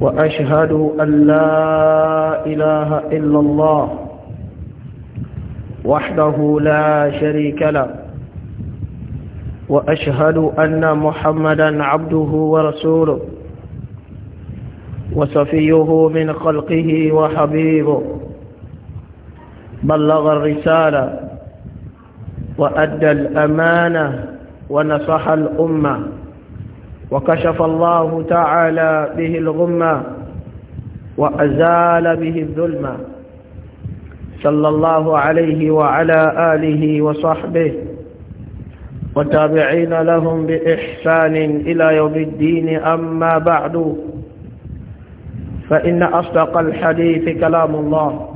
وأشهد أن لا إله إلا الله وحده لا شريك له وأشهد أن محمدا عبده ورسوله وصفيه من خلقه وحبيبه بلغ الرسالة وأدى الأمانة ونصح الأمة وكشف الله تعالى به الغمة وأزال به الظلمة صلى الله عليه وعلى آله وصحبه وتابعين لهم بإحسان إلى يوم الدين أما بعد فإن أصدق الحديث كلام الله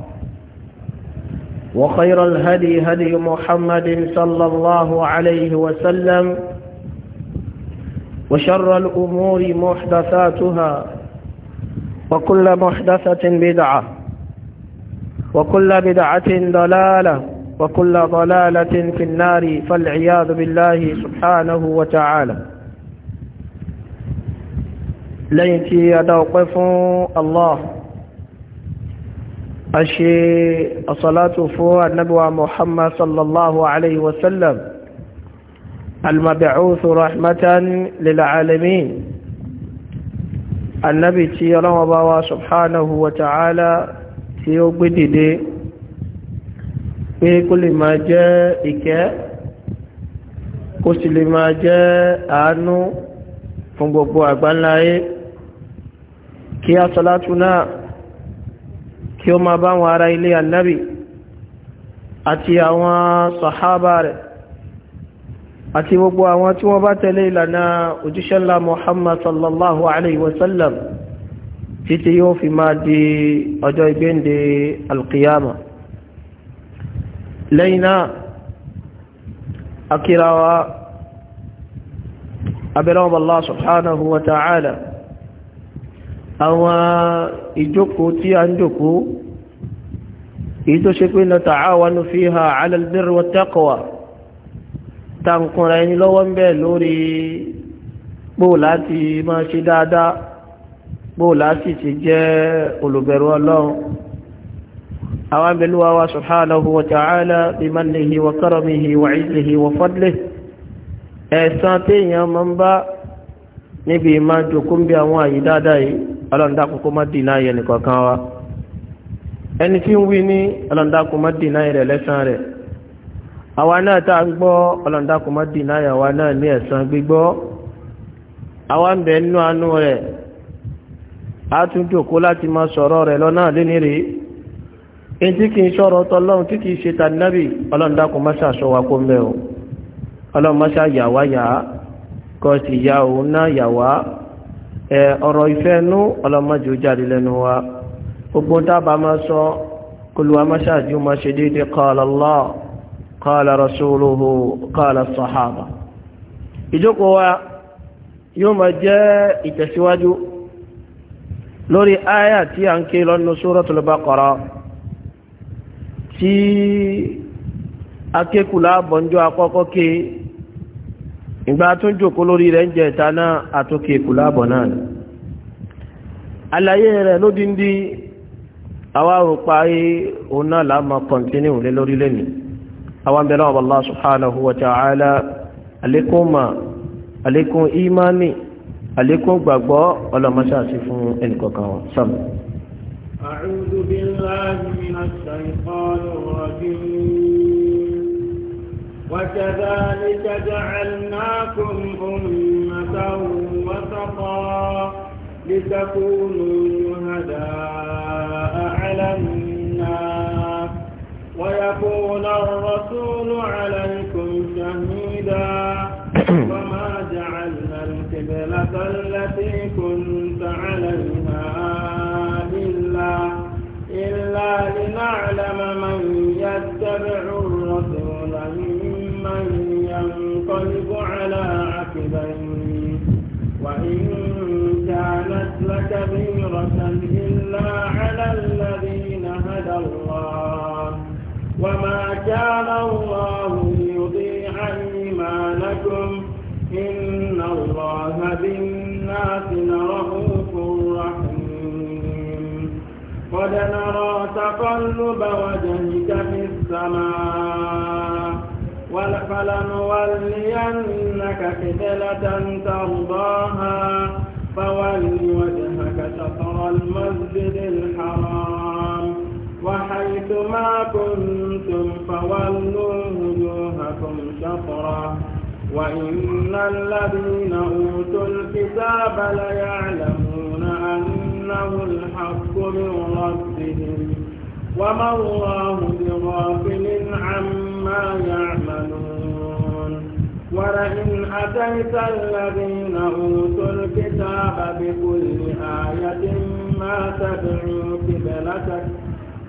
وخير الهدي هدي محمد صلى الله عليه وسلم وشر الأمور محدثاتها وكل محدثة بدعة وكل بدعة ضلالة وكل ضلالة في النار فالعياذ بالله سبحانه وتعالى لينتي يدوقف الله أشي الصلاة فوى النبوى محمد صلى الله عليه وسلم المبعوث رحمة للعالمين النبي تي الله سبحانه وتعالى tí ó gbé dìde pé kó lè máa jẹ́ ìkẹ́ kó sì lè máa jẹ́ àánú fún gbogbo àgbáńláyé kí a sọlátú náà kí ó máa bá wọn ará ilé annabi àti àwọn sàhábà rẹ̀ àti gbogbo àwọn tí wọ́n bá tẹ̀lé ìlànà òjíṣẹ́ ńlá Muhammad sallallahu alayhi wa sallam títí yóò fi máa di ọjọ́ ìgbéǹde alqiyama lẹ́yìn náà akírawa abẹ́lọ́wọ́ Allah subhanahu wa ta'ala àwọn ìjókòó tí a ń jókòó èyí na ta'awanu fiha ala albir wa taqwa tankunra ẹni lọ́wọ́ ń bẹ̀ lórí bó láti máa ṣe dáadáa bó láti ti jẹ́ olùbẹ̀rù ọlọ́run àwọn abẹ́lúwa wa subhanahu wa ta'ala bi mannihi wa karamihi wa izzihi wa fadlihi ẹ̀san téèyàn máa ń bá níbi ìmá jòkó ń bí àwọn àyè dáadáa yìí ọlọ́ndàkùnkùn má dì náà yẹ nìkọ̀ọ̀kan wa ẹni tí ń wí ní ọlọ́ndàkùn má dì náà yẹ rẹ̀ rẹ̀ àwa náà tá ń gbọ́ ọlọ́ndàkùnmọ́dì náà àwa náà ní ẹ̀san gbígbọ́ àwa ń bẹ nínú àánú rẹ̀ a tún jòkó láti máa sọ̀rọ̀ rẹ̀ lọ́nà léní rí in tí kìí sọ̀rọ̀ tọ́lọ́run tí kìí ṣe tàbí ọlọ́ndàkùnmọ́sà sọ wa kó mẹ́ o ọlọ́mọ́sà yàwá yà kọ́ sí ìyá òun náà yàwá ọ̀rọ̀ ìfẹ́ nú ọlọ́mọ́jì jáde lẹ́nu wa gbogbo tábà máa sọ kólúwa mọ́sà máa ṣe déédéé qala Allah قال رسوله قال الصحابة إجوكوا يوم جاء تسواج لوري آيات ينكي لأن سورة البقرة تي akékùlá bọ̀njọ́ akọ́kọ́ ké ìgbà tún jòkó lórí rẹ̀ ń jẹ ìta náà àtúnkékùlá bọ̀ náà ni àlàyé rẹ̀ lódíndí àwa òpá òun náà láàmà kọ̀ntínú lé lórí lẹ́nìí àwọn bẹ̀rẹ̀ ọba Allah subhanahu wa ta'ala alékún ma alékún imani alékún gbàgbọ́ ọlọ́mọṣáàṣì fún ẹnìkọ̀ọ̀kan wọn sam. لتكونوا شهداء على الناس ويكون الرسول عليكم شهيدا وما جعلنا القبلة التي كنت عليها إلا إلا لنعلم من يتبع الرسول ممن ينقلب على عقبيه وإن كانت لكبيرة إلا على الله وما كان الله ليضيع إيمانكم إن الله بالناس لرؤوف رحيم قد نرى تقلب وجهك في السماء فلنولينك كتلة ترضاها فول وجهك شطر المسجد الحرام وحيث ما كنت كنتم فولوا وجوهكم شطرا وإن الذين أوتوا الكتاب ليعلمون أنه الحق من ربهم وما الله بغافل عما يعملون ولئن أتيت الذين أوتوا الكتاب بكل آية ما تدعو قبلتك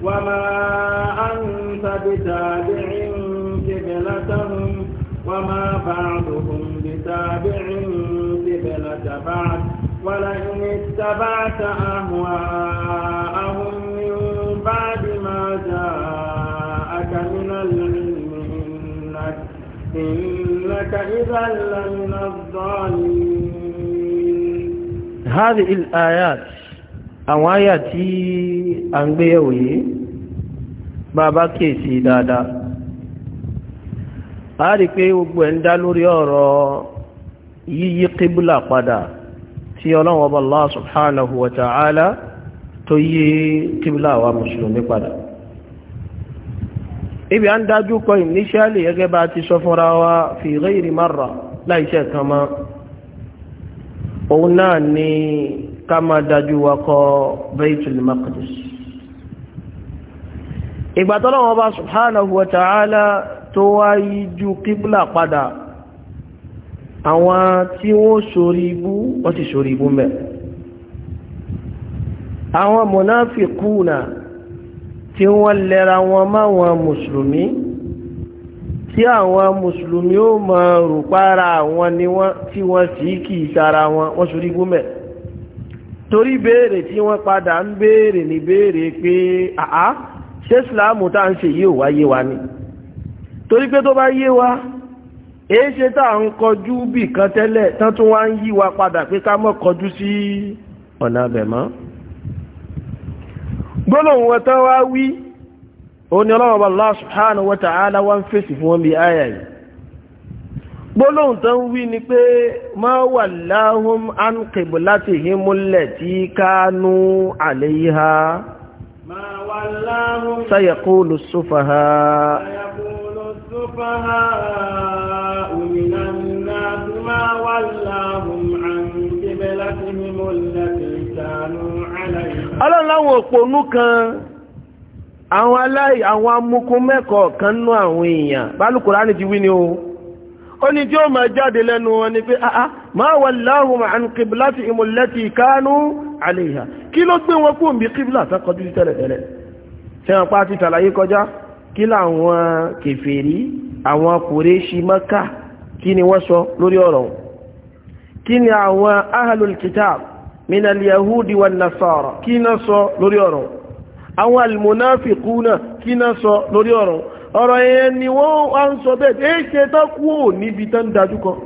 وما أنت بتابع قبلتهم وما بعضهم بتابع قبلة بعض ولئن اتبعت أهواءهم من بعد ما جاءك من العلم إنك, إنك إذا لمن الظالمين هذه الآيات àwọn àyà tí a ń gbé yìí bá bá a rí pé gbogbo ẹ̀ ń dá lórí ọ̀rọ̀ yíyí padà Allah wa ta'ala tó yí wa mùsùlùmí padà ibi ń dájú kọ ìníṣẹ́lì ti sọ fi kan mọ́ òun náà ni ká máa dájú wakọ̀ Baitul Maqdis ìgbàtọ́lọ́wọ́ bá subhanahu wa ta'ala tó wá yíjú kíbùlà padà àwọn tí wọ́n sórí ibú wọ́n ti sórí ibú mẹ́ àwọn mọ̀náfìkúnà tí wọ́n lẹ́ra wọn máwọn mùsùlùmí tí àwọn mùsùlùmí ó mọ̀ rùpára àwọn ni wọ́n tí wọ́n sì kìí sára wọn wọ́n sórí ibú mẹ́ torí béèrè tí wọ́n padà ń béèrè ní béèrè pé àá ṣé ìsìláàmù tá à ń ṣe yìí ò wá yé wa ni torí pé tó bá yé wa èé ṣe tá à ń kọjú bì kan tẹ́lẹ̀ tán tún wá ń yí wa padà pé ká mọ́ kọjú sí ọ̀nà abẹ̀mọ́ gbólóhùn wọn tán wá wí òun ni ọlọ́run Allah subhanahu wa ta'ala wá ń fèsì fún wọn bí áyà yìí gbólóhùn tó ń wí ni pé ma wallahum an qiblatihimul lati kanu alayha ma wallahum sayaqulu sufaha sayaqulu sufaha minan nas ma wallahum an qiblatihimul lati kanu alayha ọlọ́láwọn òpónú kan àwọn aláì àwọn amúkún mẹ́kọ̀ọ́ kan nú àwọn èèyàn bálùkùránì ti wí ni o oni tí ó máa jáde lẹ́nu wọn ni pé àá máa wallahum an qiblatihim allati kanu alayha kí ló gbé wọn kúrò bí kíbìlá sákọjú sí tẹ́lẹ̀tẹ́lẹ̀ tí wọ́n pa ti tàlàyé kọjá kí láwọn kèfèrí àwọn Kùréṣì Mákà kí ni wọ́n sọ lórí ọ̀rọ̀ kí ni àwọn ahlul kitab minal yahudi kí ni sọ lórí ọ̀rọ̀ àwọn almunafiquna kí ni sọ lórí ọ̀rọ̀ ọ̀rọ̀ yẹn ni wọ́n wá ń sọ bẹ́ẹ̀ tí ṣe tó kú níbi tó ń dájú kan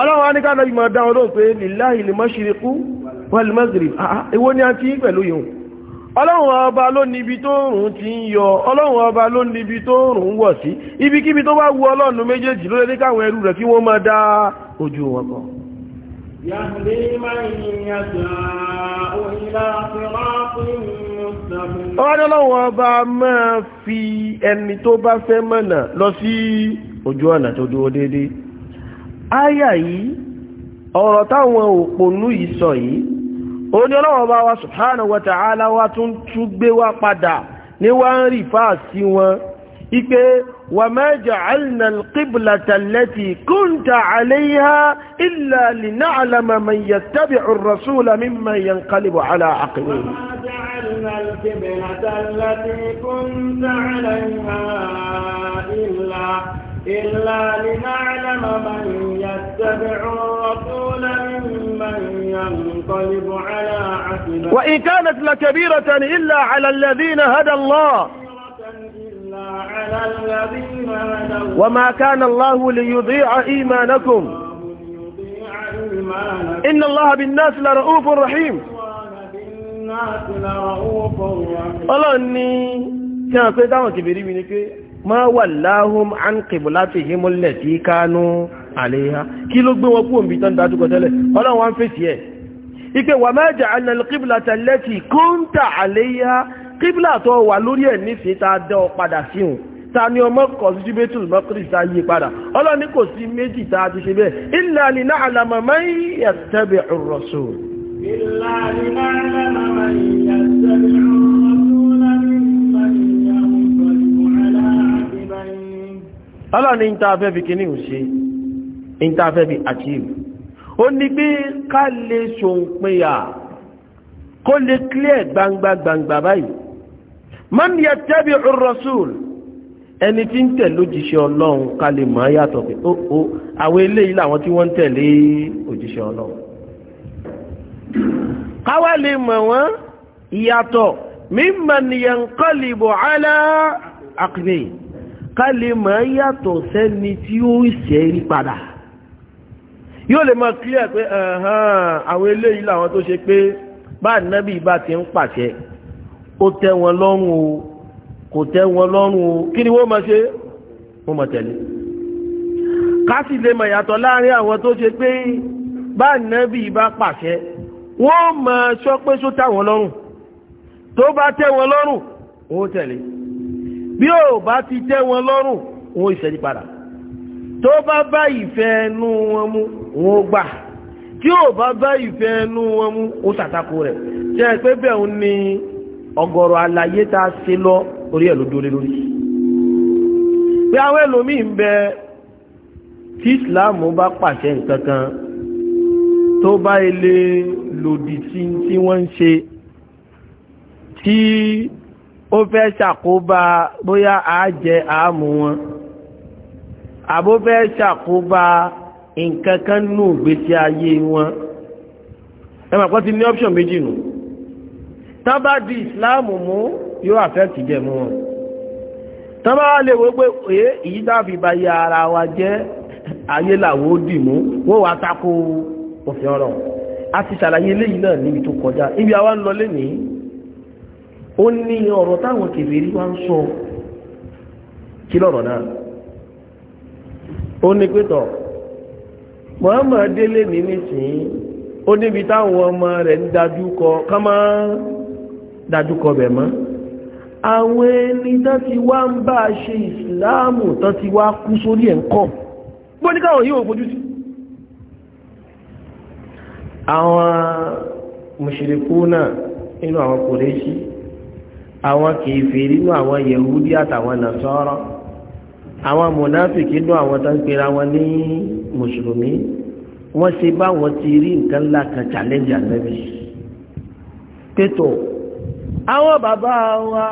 ọlọ́run á lọ́yìn máa dá ọlọ́run pé lillahi al-mashriqu wal-maghrib ìwọ ah, ah, ni a ti ń pẹ̀lú yìí ọlọ́run ọba ló níbi tó rùn ti ń yọ ọlọ́run ọba ló níbi tó rùn wọ̀ sí ibikíbi tó bá wu ọlọ́run méjèèjì ló lè káwọn ẹrú rẹ̀ kí wọ́n máa dá ojú wọn kan Ọwọ́n ọlọ́wọ́ ọba máa fi ẹni tó bá fẹ́ mọ̀nà lọ sí ojú ọ̀nà tó dúró dédé. Áyà yìí, ọ̀rọ̀ táwọn òpònú yìí sọ yìí, ó ní ọlọ́wọ́ ọba wa subhanahu wa ta'ala tún tún gbé wá padà ní wá ń rí fáà sí wọn, ipé وما جعلنا القبلة التي كنت عليها إلا لنعلم من يتبع الرسول ممن ينقلب على عقبه وما جعلنا القبلة التي كنت عليها إلا إلا لنعلم من يتبع الرسول ممن ينقلب على عقبه وإن كانت لكبيرة إلا على الذين هدى الله وما كان الله ليضيع إيمانكم إن الله بالناس لرؤوف رحيم Ọlọ́run ní kí a pé dáwọn kìbìrí mi ní pé, máa wà láhùn án kìbù láti hímúlẹ̀ tí kánú àléhá. Kí ló gbé wọn kú òmìbí tán dájú kọtẹ́lẹ̀? Ọlọ́run fèsì ẹ̀. Ipé wà máa kíbílà tó wà lórí ẹ̀ nísìnyí tá a dẹ́ ọ padà sí òun ta ni ọmọ kọ̀ọ̀sí sí bẹ́tùl mọ́kìrìsì ta yí padà ọlọ́ni kò sí méjì tá a ti ṣe bẹ́ẹ̀ illa li na'lama man yattabi'ur rasul illa li na'lama man yattabi'ur rasul mimman yanqalibu ala 'aqibayhi ó ní pé ká lè ṣòǹpinya kó lè clear gbangba gbangba báyìí man yattabi ar-rasul ẹni tí ń tẹ̀lé òjíṣẹ́ ọlọ́run ká lè máa yàtọ̀ pé ó oh, ó oh, àwọn eléyìí làwọn tí wọ́n ń tẹ̀lé òjíṣẹ́ ọlọ́run káwá lè mọ̀ wọ́n ìyàtọ̀ mimman yanqalibu ala aqbi ká lè máa yàtọ̀ sẹ́ni tí ó ṣẹ́rí padà yóò lè máa clear pé àwọn eléyìí làwọn tó ṣe pé bá nábì bá ti ń pàṣẹ ó tẹ́ wọn lọ́rùn o kò tẹ́ wọn lọ́rùn o kí ni wọ́n máa ṣe wọ́n máa tẹ̀lé kásì lè mọ̀ yàtọ̀ láàrin àwọn tó ṣe pé bá nẹ́bí bá pàṣẹ wọ́n máa sọ pé só táwọn lọ́rùn tó bá tẹ́ wọn lọ́rùn ó tẹ̀lé bí ò bá ti tẹ́ wọn lọ́rùn wọ́n ìṣẹ́dí padà tó bá bá ìfẹ́ ẹnu wọn mú wọ́n gbà tí ò bá bá ìfẹ́ ẹnu wọn mú ó ṣàtakò rẹ̀ jẹ́ pé bẹ́ẹ̀ ń ní ọ̀gọ̀rọ̀ àlàyé tá a ṣe lọ orí ẹ̀ ló dúró lórí pé àwọn ẹlòmíì ń bẹ tí Islam bá pàṣẹ nǹkan kan tó bá ilé lòdì sí tí wọ́n ń ṣe tí ó fẹ́ ṣàkóbá bóyá àájẹ àámú wọn àbó fẹ́ ṣàkóbá nǹkan kan nù gbèsè ayé wọn ẹ mà kọ́ ti ní option méjì nù. No sabadi di ìsìláàmù mú yóò àfẹ́kì jẹ̀mú wọn tábà lè wó pé èyí dáàfi bá yẹ ara wa jẹ́ ayé làwọ́ dì mú wọ́n wá tako òfin ọ̀rọ̀ a ti ṣàlàyé léyìí náà níbi tó kọjá ibi àwa ń lọ lénìí ó ní ọ̀rọ̀ táwọn kèfèrí wá ń sọ kí lọ́rọ̀ náà ó ní délé ní nísìnyí ó níbi táwọn ọmọ rẹ̀ ń dájú dájúkọ bẹ̀ mọ́ àwọn ẹni tán ti wá ń bá ṣe ìsìláàmù tán ti wá kú sórí ẹ̀ ń kọ́ bó ní káwọn yíò fojú sí àwọn mùṣìríkù náà nínú àwọn kòrèṣí àwọn kèfèrí nínú àwọn yẹ̀húdí àtàwọn nàṣọ́rọ́ àwọn mùnáfìkì nínú àwọn tán pera wọn ní mùsùlùmí wọ́n ṣe báwọn ti rí nǹkan ńlá kan challenge ànábì pétọ̀ àwọn bàbá wa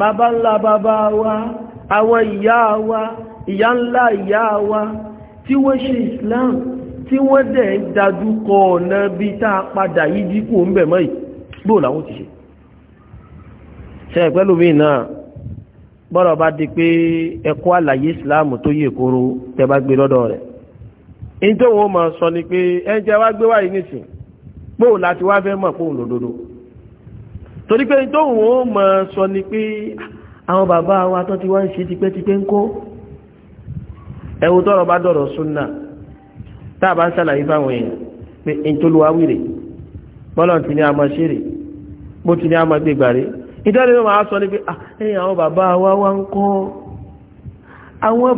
bàbá ńlá bàbá wa àwọn ìyá wa ìyá ńlá ìyá wa tí wọ́n ṣe Islam tí wọ́n dẹ̀ ń dajúkọ ọ̀nà bí tá a padà yí dípò ń bẹ̀ mọ́ yìí bóò làwọn ti ṣe ṣe ẹ̀pẹ́ lómi náà bọ́rọ̀ bá di pé ẹ̀kọ́ àlàyé Islam tó yẹ kóró tẹ bá gbé lọ́dọ̀ rẹ̀ ní tó wọ́n máa sọ ni pé ẹ̀ ń jẹ́ wá gbé wáyé nìsín bóò láti wá fẹ́ mọ̀ fóun lòdodo torí pé tó wọ́n mọ̀ sọ ni pé àwọn bàbá wa tó ti wá ń ṣe tipẹ́tipẹ́ ń kó ẹwù tọ́rọ bá dọ̀rọ̀ súnà táà bá ń sàlàyé fáwọn èèyàn pé in tó lùwá wìrè bọ́lọ̀ tí ní a máa ṣeré bó ti ní a máa gbégbà rí ìtọ́lẹ̀ máa sọ ní ah, àwọn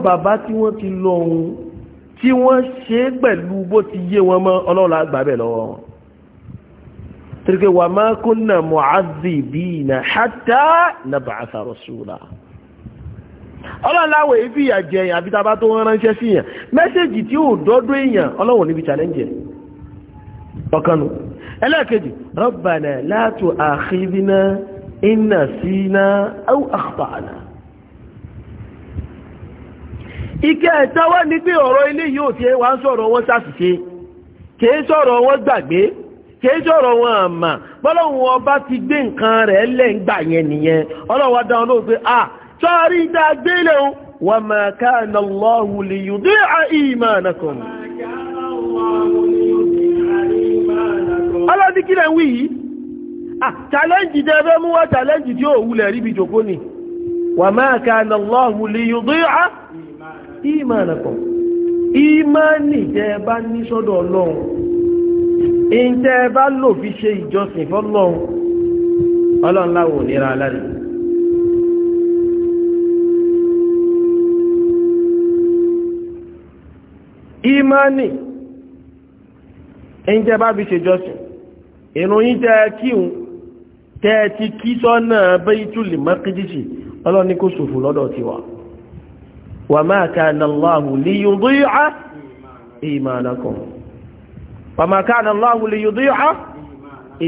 bàbá tí wọ́n ti lọ ohun tí wọ́n ṣe pẹ̀lú bó ti yé wọn mọ́ ọlọ́ọ̀lá gbàbẹ̀ lọ́wọ́ wọn tírkẹ́ wà máa kunna mu'adhibina hatta nab'atha rasula ọlọ́láwọ̀ èébì àjẹ èèyàn àbí tàbá tó ránṣẹ́ sí èèyàn mẹ́sẹ̀jì tí ó dọ́dọ́ èèyàn ọlọ́wọ̀ níbi challenge ọkànnù ẹlẹ́ẹ̀kejì rabbana la tu'akhidhna in nasina aw akhta'na ike ẹ̀tọ́wọ́ ní pé ọ̀rọ̀ ilé yóò kìí jọ̀rọ̀ wọn àmà ọba ti gbé nǹkan rẹ̀ lẹ̀ yẹn nìyẹn ọlọ́wọ́ dá wọn lóògbé à dá o wa ma kana Allahu li yudi'a imanakum. ọlọ́dí kí ń wí yìí ah challenge jẹ́ fẹ́ mú wá tí wulẹ̀ wa jẹ́ bá ní sọ́dọ̀ ọlọ́run ìjẹ́ bá lò fi ṣe ìjọsìn fọ́lọ́hun ọlọ́run láwò nira lẹ́nu ìmánì ìjẹ́ bá fi ṣe ìjọsìn ìròyìn jẹ́ kíhun tẹ́ ti kí sọ́nà Baytul Maqdisi ọlọ́run ní kò ṣòfò lọ́dọ̀ tiwa wa ma kana Allahu liyudi'a imanakum fama kana allah li yudhi'a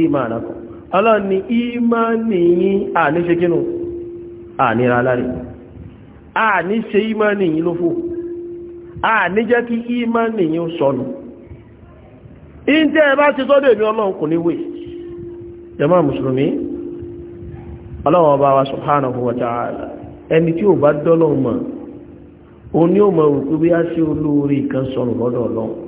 imanakum allah ni imani a ni se kinu a ni ralare a ni se imani yin lo fu a ni je ki imani yin so nu inde ba ti so de mi olohun ko ni we jama muslimi allah wa ba subhanahu wa ta'ala eni ti o ba dolohun mo oni o mo wo bi a se olori kan so lo lo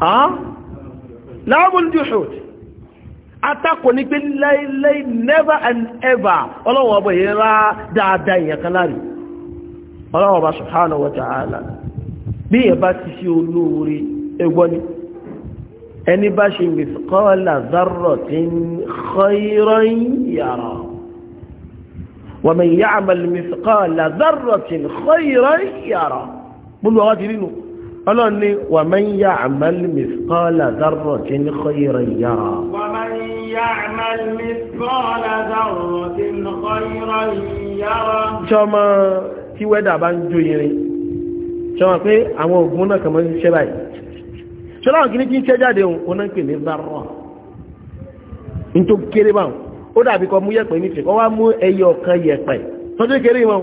láàbùn jùhùd atakò ní pé láìláì never and ever ọlọ́wọ́ ọba yìí rá dáadáa ìyẹn kan láàrin ọlọ́wọ́ ọba subhanahu wa ta'ala bí ẹ bá ti ṣe olóore ẹgbọ́ ẹni bá ṣe mithqala dharratin khayran yara wa man ya'mal ọlọ́run ní wà máa ń yá àmàlì mìsíkọ́lá dárọ̀ tí ní kọ́yìrọ̀ yá. wà máa ń yá àmàlì mìsíkọ́lá dárọ̀ tí ní kọ́yìrọ̀ yá. sọmọ tí wẹ́dà bá ń jó irin sọmọ pé àwọn òògùn náà kàn máa ń ṣiṣẹ́ báyìí sọlá òkìní kí n ṣe jáde òun ó náà ń pè ní dárọ̀ nítorí kéré báwọn ó dàbí kọ mú yẹ̀pẹ̀ nífẹ̀ẹ́ kọ́ wá mú ẹyẹ ọ̀kan yẹ̀pẹ̀ tọ́jú kéré wọn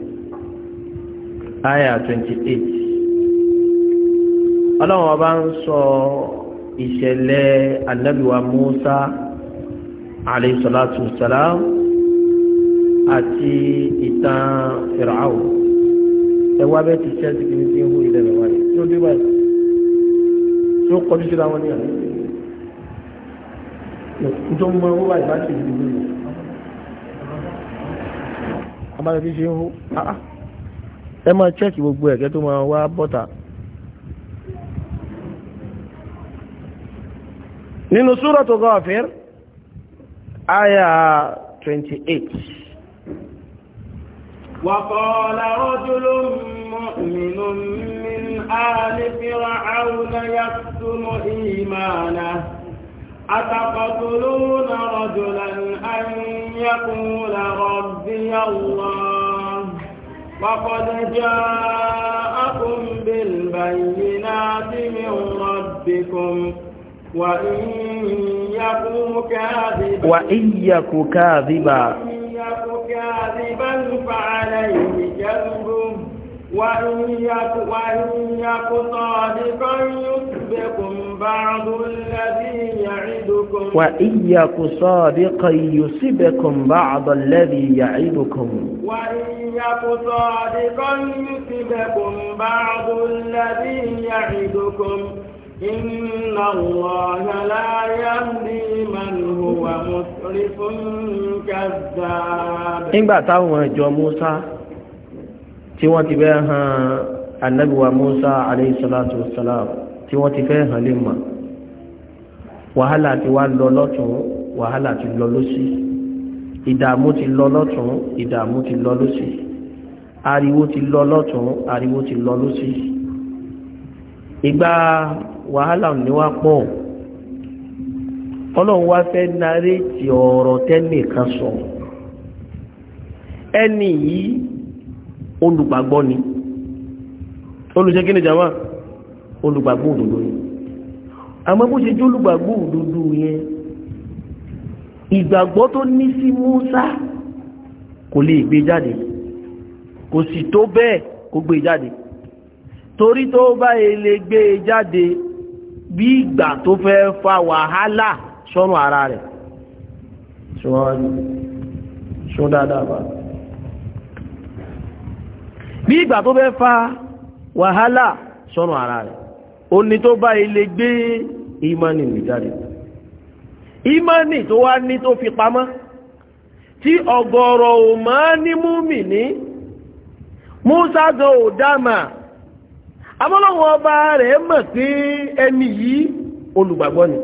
aya twenty eight ọlọ́run ọba ń sọ ìṣẹ̀lẹ̀ anabiwa musa alayhi wa salam àti ìtàn fìràwọ̀ ẹwà bẹ́ẹ̀ ti ṣe ti kìíní tí ń hù ilẹ̀ rẹ̀ wáyé tí ó dé wáyé tí ó kọjú síra wọn ní àná tó mọ owó wáyé bá ṣe ìdíbò yìí abájọ́ bí ṣe ń hù ẹ máa chẹ́kì gbogbo ẹ̀kẹ́ tó máa wá bọ́ta nínú suratu Ghafir àyà 28 وقال رجل مؤمن من آل فرعون يكتم إيمانه أتقتلون رجلا أن يقول ربي الله فقد جاءكم بالبينات من ربكم وإن يكو كاذبا وإن يكو كاذبا فعليه كذب وإن يك صادقا يسبكم بعض الذي وإن يك صادقا يصبكم بعض الذي يعدكم وإن يك صادقا يصبكم بعض الذي يعدكم إن الله لا يهدي من هو مسرف كذاب إنبا تاوما جو موسى tí wọ́n ti bẹ́ han annabi wa Musa alayhi salatu wassalam tí wọ́n ti fẹ́ hàn lè mọ̀ wàhálà ti wá lọ lọ́tún wàhálà ti lọ lọ́sí ìdààmú ti lọ lọ́tún ìdààmú ti lọ lọ́sí ariwo ti lọ lọ́tún ariwo ti lọ lọ́sí ìgbà wàhálà ní wá pọ̀ ọlọ́run wá fẹ́ narétì ọ̀rọ̀ tẹ́nìkan sọ ẹni yìí olùgbàgbọ́ ni olùṣẹ́kí jàmá olùgbàgbọ́ òdòdó ni àmọ́ bó ṣe jólúgbàgbọ́ òdodo yẹn ìgbàgbọ́ tó ní sí Musa kò lè gbé jáde kò sì tó bẹ́ẹ̀ kó gbé jáde torí tó bá ele gbé e jáde bí ìgbà tó fẹ́ fa wàhálà sọ́run ara rẹ̀ ṣọ́ dáadáa bá bí ìgbà tó fẹ́ fa wàhálà sọ́run ara rẹ̀ oní tó bá ilé gbé ìmánì mi jáde ìmánì tó wá ní tó fi pamọ́ tí ọ̀gọ̀rọ̀ ò máa ní múmi ní Musa gan ò dáàmà abọ́lọ́wọ́ ọba rẹ̀ mọ̀ pé ẹni yìí olùgbàgbọ́ ni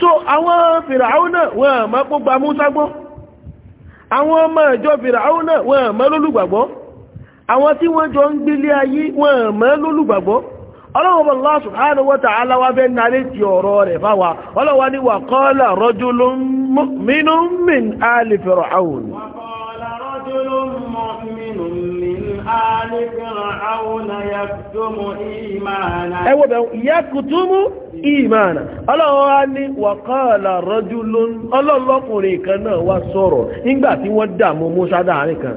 so àwọn fìràúnà wọn àmọ́ gbogbo Musa gbọ́ àwọn ọmọ ìjọ fìràúnà wọn àmọ́ lólùgbàgbọ́ àwọn tí wọ́n jọ ń gbélé ayé wọ́n mọ́ lólùgbàgbọ́ ọlọ́wọ́n Allah subhanahu wa ta'ala wá bẹ́ nàrí ti ọ̀rọ̀ rẹ̀ fáwa ọlọ́wọ́ ni wa qala rajulun mu'minun min ali fir'aun wa qala rajulun mu'minun kan náà wá sọ̀rọ̀ nígbà tí wọ́n dààmú Musa dáàrin kan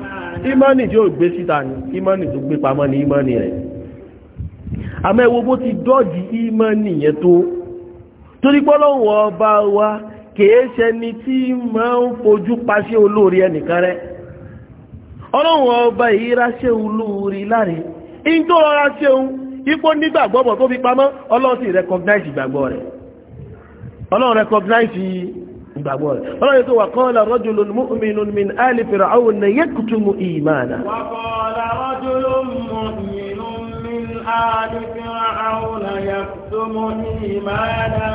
ìmánì tí ó gbé síta ni ìmánì tó gbé pamọ́ ni ìmánì rẹ̀ àmọ́ ẹwọ bó ti dọ́ọ̀dì ìmánì yẹn tó torí pọ́lọ́wọ́ ọba wa kìí ṣẹni tí máa ń fojú paṣẹ́ olóore ẹnìkan rẹ̀ ọlọ́wọ́ ọba yìí ráṣẹ́ olóore láre in tó rọra ṣeun ipò nígbàgbọ́bọ̀ tó fi pamọ́ ọlọ́run recognize ìgbàgbọ́ rẹ̀ ọlọ́run recognize رأيت وقال رجل مؤمن من آل فرعون يكتم إيمانا وقال رجل مؤمن من آل فرعون يكتم إيمانا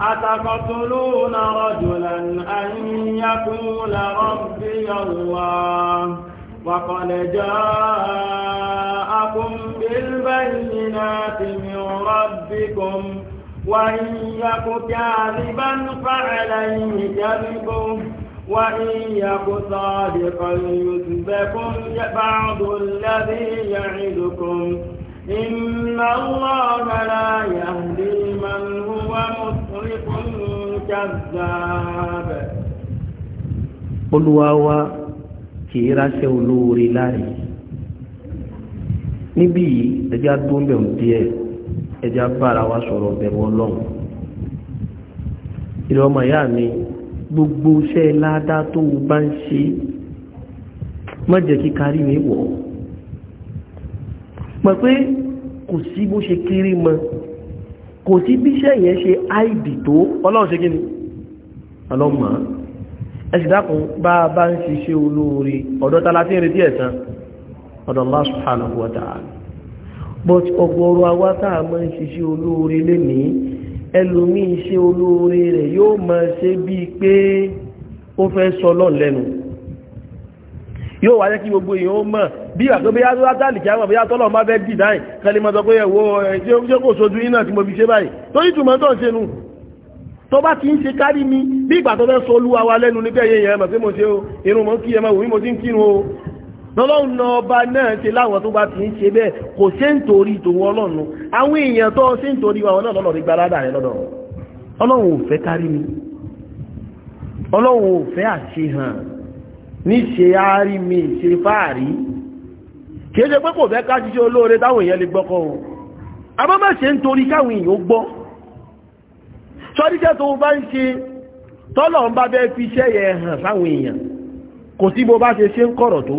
أتقتلون رجلا أن يقول ربي الله وقد جاءكم بالبينات من ربكم وإن يك كاذبا فعليه كذبه وإن يك صادقا يثبكم بعض الذي يعدكم إن الله لا يهدي من هو مسرف كذاب olùwàwà kì í ráṣẹ́ olóore láàyè níbí yìí ẹjá dúró mẹ́rin díẹ̀ ẹja bára wa sọ̀rọ̀ bẹ̀rù ọlọ́run ìlú ọmọ ìyá mi gbogbo iṣẹ́ ládá tó o bá ń ṣe má jẹ́ kí kárí mi wọ̀ mọ̀ pé kò sí bó ṣe kéré mọ́ kò sí bí iṣẹ́ yẹn ṣe áìdì tó ọlọ́run ṣe kí ni ọlọ́mọ ẹ̀sì dákun bá a bá ń ṣiṣẹ́ olóore ọ̀dọ́ta láti ń retí ẹ̀san ọ̀dọ̀ Allah subhanahu wa ta'ala but ọ̀gọ̀rọ̀ àwa tá a máa ń ṣiṣẹ́ olóore lénìí ẹlòmí iṣẹ́ olóore rẹ̀ yóò máa ṣe bíi pé ó fẹ́ sọ lọ́n lẹ́nu yóò wáyé kí gbogbo èèyàn ó mọ̀ bí àtọ́ bí yàtọ̀ látàlì kí àwọn bí yàtọ̀ lọ́n bá fẹ́ dì dáì kẹ́lẹ́ mọ́tọ́ pé ẹ̀wọ́ ẹ̀ṣẹ́ kò sojú iná tí mo fi ṣe báyìí tó yìí túmọ̀ tó ń ṣe nu tó bá ti ń ṣe kárí mi bí ìgbà tó fẹ́ sọ olúwa wa lẹ́nu níbẹ̀ yẹn yẹn mọ̀ pé mo ṣe o irun mọ́ kí ẹ máa wò mí mo ti ń kírun o lọ́lọ́run náà ọba náà ṣe láwọn tó bá ti ń ṣe bẹ́ẹ̀ kò ṣe ń torí tòun ọlọ́run àwọn èèyàn tó ṣe ń torí wa ọlọ́run lọ́lọ́run gba aládàá rẹ lọ́dọ̀ ọlọ́run ò fẹ́ kárí mi ọlọ́run ò fẹ́ àṣehàn níṣe áárí mi ṣe fáàrí kìí ṣe pé kò fẹ́ ká ṣiṣẹ́ olóore táwọn èèyàn lè gbọ́kọ́ o abọ́bẹ̀ ṣe ń torí káwọn èèyàn gbọ́ sọ́díṣẹ́ tó bá ń ṣe tọ́lọ̀ ń bá bẹ́ fi iṣẹ́ hàn fáwọn èèyàn kò sí bó bá ṣe ṣe ń kọ̀rọ̀ tó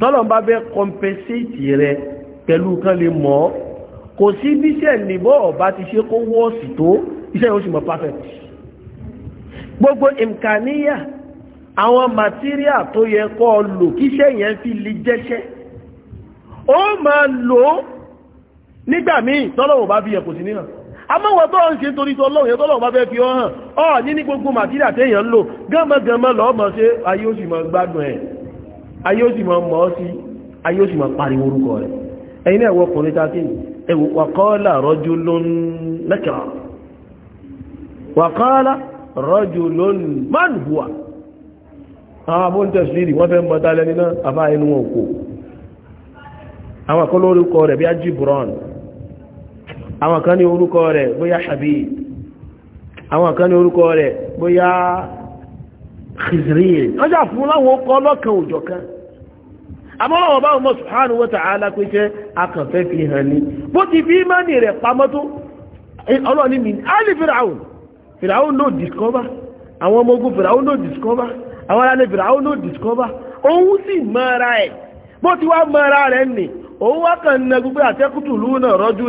tọ́lọ̀ bá bẹ́ kọmpẹ́sẹ̀tì rẹ pẹ̀lú kan lè mọ́ kò sí bí iṣẹ́ níbọ̀ ọ̀bá ti ṣe kó wọ́ọ̀sì tó iṣẹ́ yóò sì mọ̀ perfect gbogbo ìmkàníyà àwọn material tó yẹ kọ́ lò kíṣẹ́ yẹn fi lè jẹ́ṣẹ́ ó máa lò ó nígbà míì tọ́lọ̀wọ̀ bá fi ẹ̀kò sí níhàn amọ́wọ̀ tó ń ṣe torí tọ́lọ̀wọ̀ bá fẹ́ fi ọ́ hàn ọ́ ní ní gbogbo material téèyàn ń lò gánmọ́gánmọ́ lọ́ọ́ mọ̀ ayé ó sì mọ̀ gbádùn ẹ̀ ayé ó sì máa mọ̀ sí ayé sì máa pariwo orúkọ rẹ̀ ẹ̀yin náà wọ́n kùnrin tá kí ẹ̀wọ̀ wàkọ́ọ́lá rajulun nakira wàkọ́ọ́lá rajulun man huwa àwọn abó ń wọ́n fẹ́ ń bọ́ta Khizrin fi ọlọ́ni mi alì fìràún fìràún ló discover àwọn ọmọ ogun fìràún ló discover àwọn alẹ́ fìràún ló discover òun sì mọ́ra ẹ̀ bó ti wá mọ́ra rẹ̀ nì gbogbo àtẹ́kùtù lúnà rọ́jú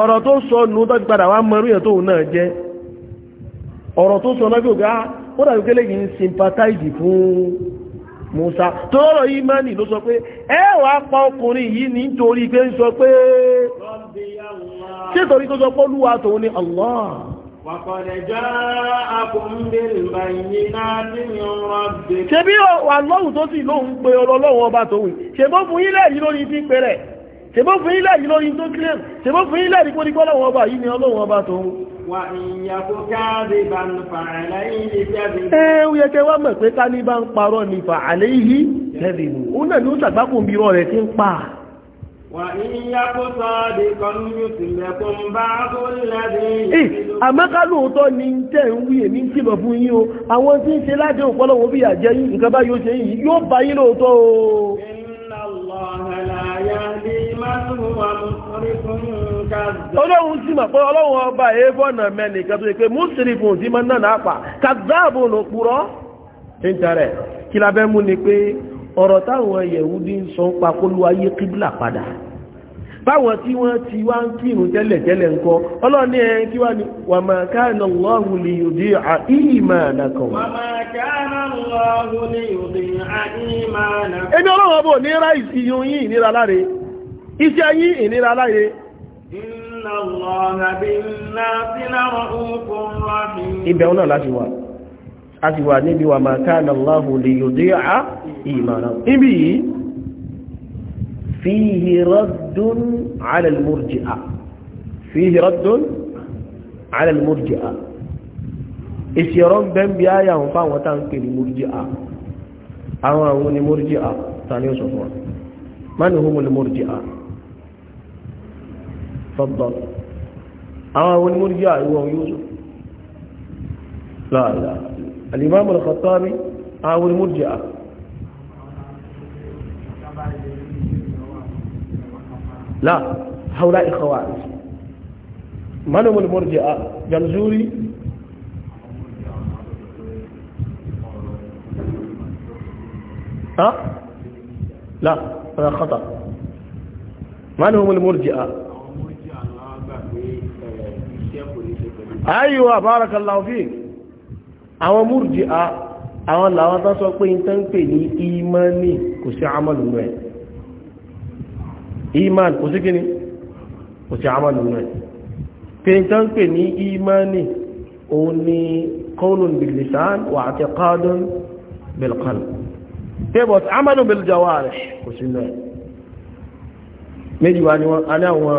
ọ̀rọ̀ tó sọ nù tó gbàdà wá mọ́rú yẹn tó náà jẹ́ ọ̀rọ̀ tó sọ náà gbogbo ó dàbí kélé yìí ń sympathize fún Musa tó rọ̀ yìí máa nì ló sọ pé ẹ wàá pa ọkùnrin yìí nítorí pé ń sọ pé ṣé torí tó sọ pé Olúwa Allah ṣe bí wà lọ́hùn tó sì lóhun pé ọlọ́lọ́wọ́ ọba tó wù ṣe bó fún ilẹ̀ yìí lórí tí ń pè rẹ̀ ṣe bó fún ilẹ̀ yìí lórí tó kílẹ̀ ṣe bó fún ilẹ̀ yìí kó lọ́wọ́ ọba yìí ni ọlọ́wọ́ ọba tó wù wà ìyàkó káàdì bá ń fààlẹ́ yìí àmọ́kálù òótọ́ ni tẹ́ ń wí èmi ń kìlọ̀ fún yín o àwọn tí ń ṣe láti òpọ́lọ́wọ́ bí àjẹ́ yìí nǹkan bá yóò ṣe yìí yóò bá yín lóòótọ́ o ọlọ́run sí mà pé ọlọ́run ọba èébọ̀nà mẹ́nìkan tó yẹ pé mùsùlùmí tí mọ́ náà náà pa kàdáàbò lòpùrọ́ ọ̀rọ̀ táwọn yẹ̀wúdí ń sọ pa kólúwa yí kíbílà padà báwọn tí wọ́n ti wá ń kírun tẹ́lẹ̀tẹ́lẹ̀ ńkọ́ ọlọ́ni ẹ̀yìn wá ni wà máa káàna lọ́hùn lè yòdí àìmà ìbẹ̀wọ̀n náà láti wà a sì wà níbi wà máa káàlà Allahu lè yóò dé à ìmàna níbi yìí fíhì rọ́dún alẹ́lmùrjìá fíhì rọ́dún alẹ́lmùrjìá èsì ọ̀rọ̀ ń bẹ́ ń bí áyà ń fáwọn tá ń ní mùrjìá àwọn àwọn ni mùrjìá tani ó láàrín الإمام الخطابي أو المرجئة لا هؤلاء الخوارج من هم المرجئة جمزوري ها لا هذا خطأ من هم المرجئة أيوة بارك الله فيك àwọn múrùjì a àwọn làwọn tán sọ pé ìtàn pè ní ìmánì kò sí àmàlù rẹ̀ ìmánì kò sí kíní kò sí àmàlù rẹ̀ pé ìtàn pè ní ìmánì òun ni qawlun bil lisan wà àti i'tiqadun bil qalb àmàlù bil jawarih kò sí náà méjì wá ní wọn aláwọn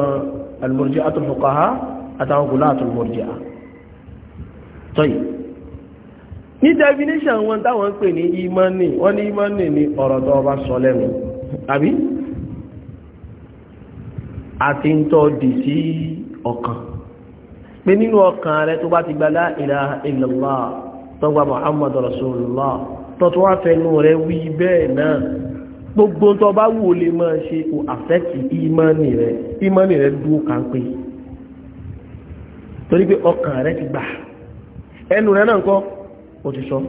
al-murji'atul àtàwọn kùlá àtàwọn murji'a ní definition wọn táwọn pè ní imani wọ́n ní imani ní ọ̀rọ̀ tó sọ lẹ́nu tàbí àti ń tọ́ dì sí ọkàn pé nínú ọkàn rẹ tó bá ti rasulullah tọ́ tó wá rẹ wí bẹ́ẹ̀ náà gbogbo tó bá wù lè máa imani rẹ imani rẹ kánpé torí pé ọkàn rẹ ti gbà ẹnu rẹ ó ti sọ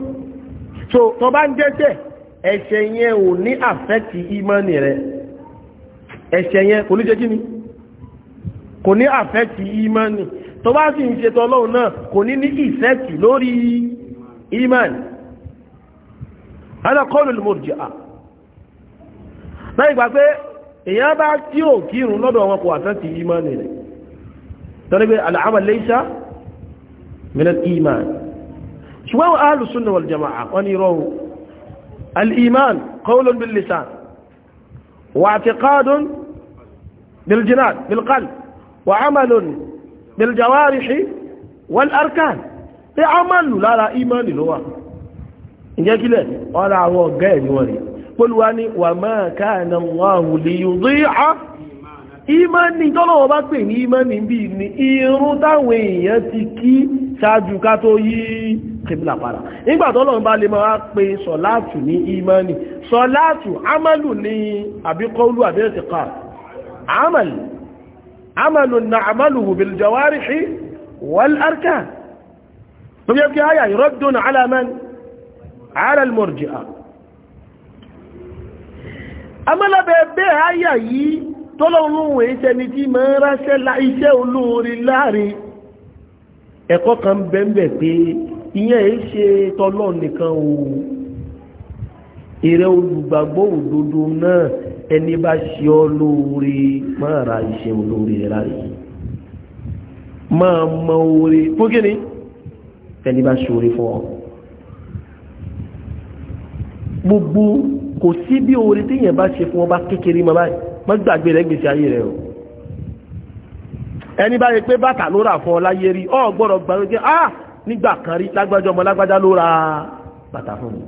so tó bá ń dẹ́ṣẹ̀ ẹ̀ṣẹ̀ yẹn ò ní àfẹ́kì ìmánì rẹ ẹ̀ṣẹ̀ yẹn kò ní jẹ́ kí ni kò ní àfẹ́kì ìmánì tó bá sì ń ṣe tọ́lọ́hùn náà kò ní ní ìfẹ́kì lórí ìmánì alákọ́lù lè mọ̀rùjì à láìgbà pé èyàn bá tí ò kírun lọ́dọ̀ wọn kò àfẹ́kì ìmánì rẹ torí pé lẹ́ṣà mìíràn ìmánì ṣùgbọ́n ahlu sunna wal jama'a wọ́n ni rọ́wọ́ al'iman qawlun bil lisan wa i'tiqadun bil jinan bil qalb wa amalun bil jawarihi wal arkan pé amalu lára imani ló wà ìjẹ́kílẹ̀ ọ̀rọ̀ àwọn ọ̀gá ẹ̀ ni wọ́n rí pólúwa ni wa ma kana Allahu li yudi'a ìmánì tọ́lọ́wọ́ bá pè ní ìmánì bí ní irun táwọn èèyàn ti kí ṣáájú ká tó yí kìbìlà padà nígbà tọ́lọ́wọ́ bá lè máa pe sọ̀láàtù ní ìmánì sọ̀láàtù amálù ní àbíkọ́lù àbẹ́ẹ̀tìkà amálù amálù na amálù bil jawarihi wal arkan tọ́lọ́run èyí tẹni tí ma ń ráṣẹ́ iṣẹ́ olóore láàrin ẹ̀kọ́ kan bẹ́ẹ̀bẹ̀ pé ìyẹn èyí ṣe tọ́lọ́ nìkan o èrè olùgbàgbọ́ òdodo náà ẹni bá ṣe ọ́ lóore máa ra iṣẹ́ olóore láàrin máa mọ oore ni ẹni bá ṣe gbogbo kò sí bí oore tí yẹn bá ṣe fún ọ kékeré ma báyìí mọ́ gbàgbé rẹ̀ gbèsè ayé rẹ̀ o ẹni bá yẹ pé bàtà ló rà fún ọ láyé rí ọ gbọ́dọ̀ gbàgbé pé ah nígbà kan rí lágbájá ọmọ lágbájá ló ra bàtà fún mi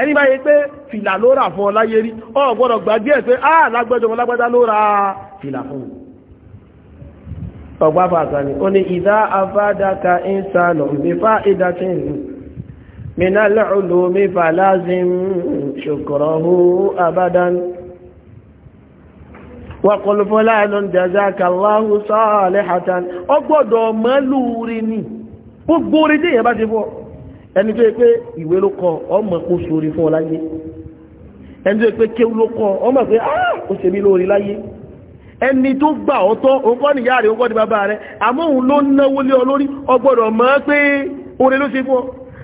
ẹni bá yẹ pé fìlà ló rà fún ọ láyé rí ọ gbọ́dọ̀ gbàgbé ẹ̀ pé ah lágbájá ọmọ lágbájá ló ra fìlà fún mi ọgbáfà àtàní ó ní ìdá afádáka ìsànà ìfà ìdákìn mìnà lọ́rùn lómi fàlázìm ṣùkọ̀rọ̀ hù abadan wàkọlù fún láàrín jazakallahu salihatan ọgbọ́dọ̀ mọ́lúurí ni gbogbo orí tí èyàn bá ti fọ́ ẹni tó pé ìwé ló kọ ọmọ kó sórí fún ọláyé ẹni tó pé kéwú ló kọ ọmọ pé ah, ó ṣe mí lórí láyé ẹni tó gbà ọ́tọ́ òǹkọ́ nìyá rẹ̀ òǹkọ́ ni bàbá rẹ̀ àmọ́ òun ló náwó lé ọ lórí ọgbọ́dọ̀ mọ̀ pé orí ló ṣe fún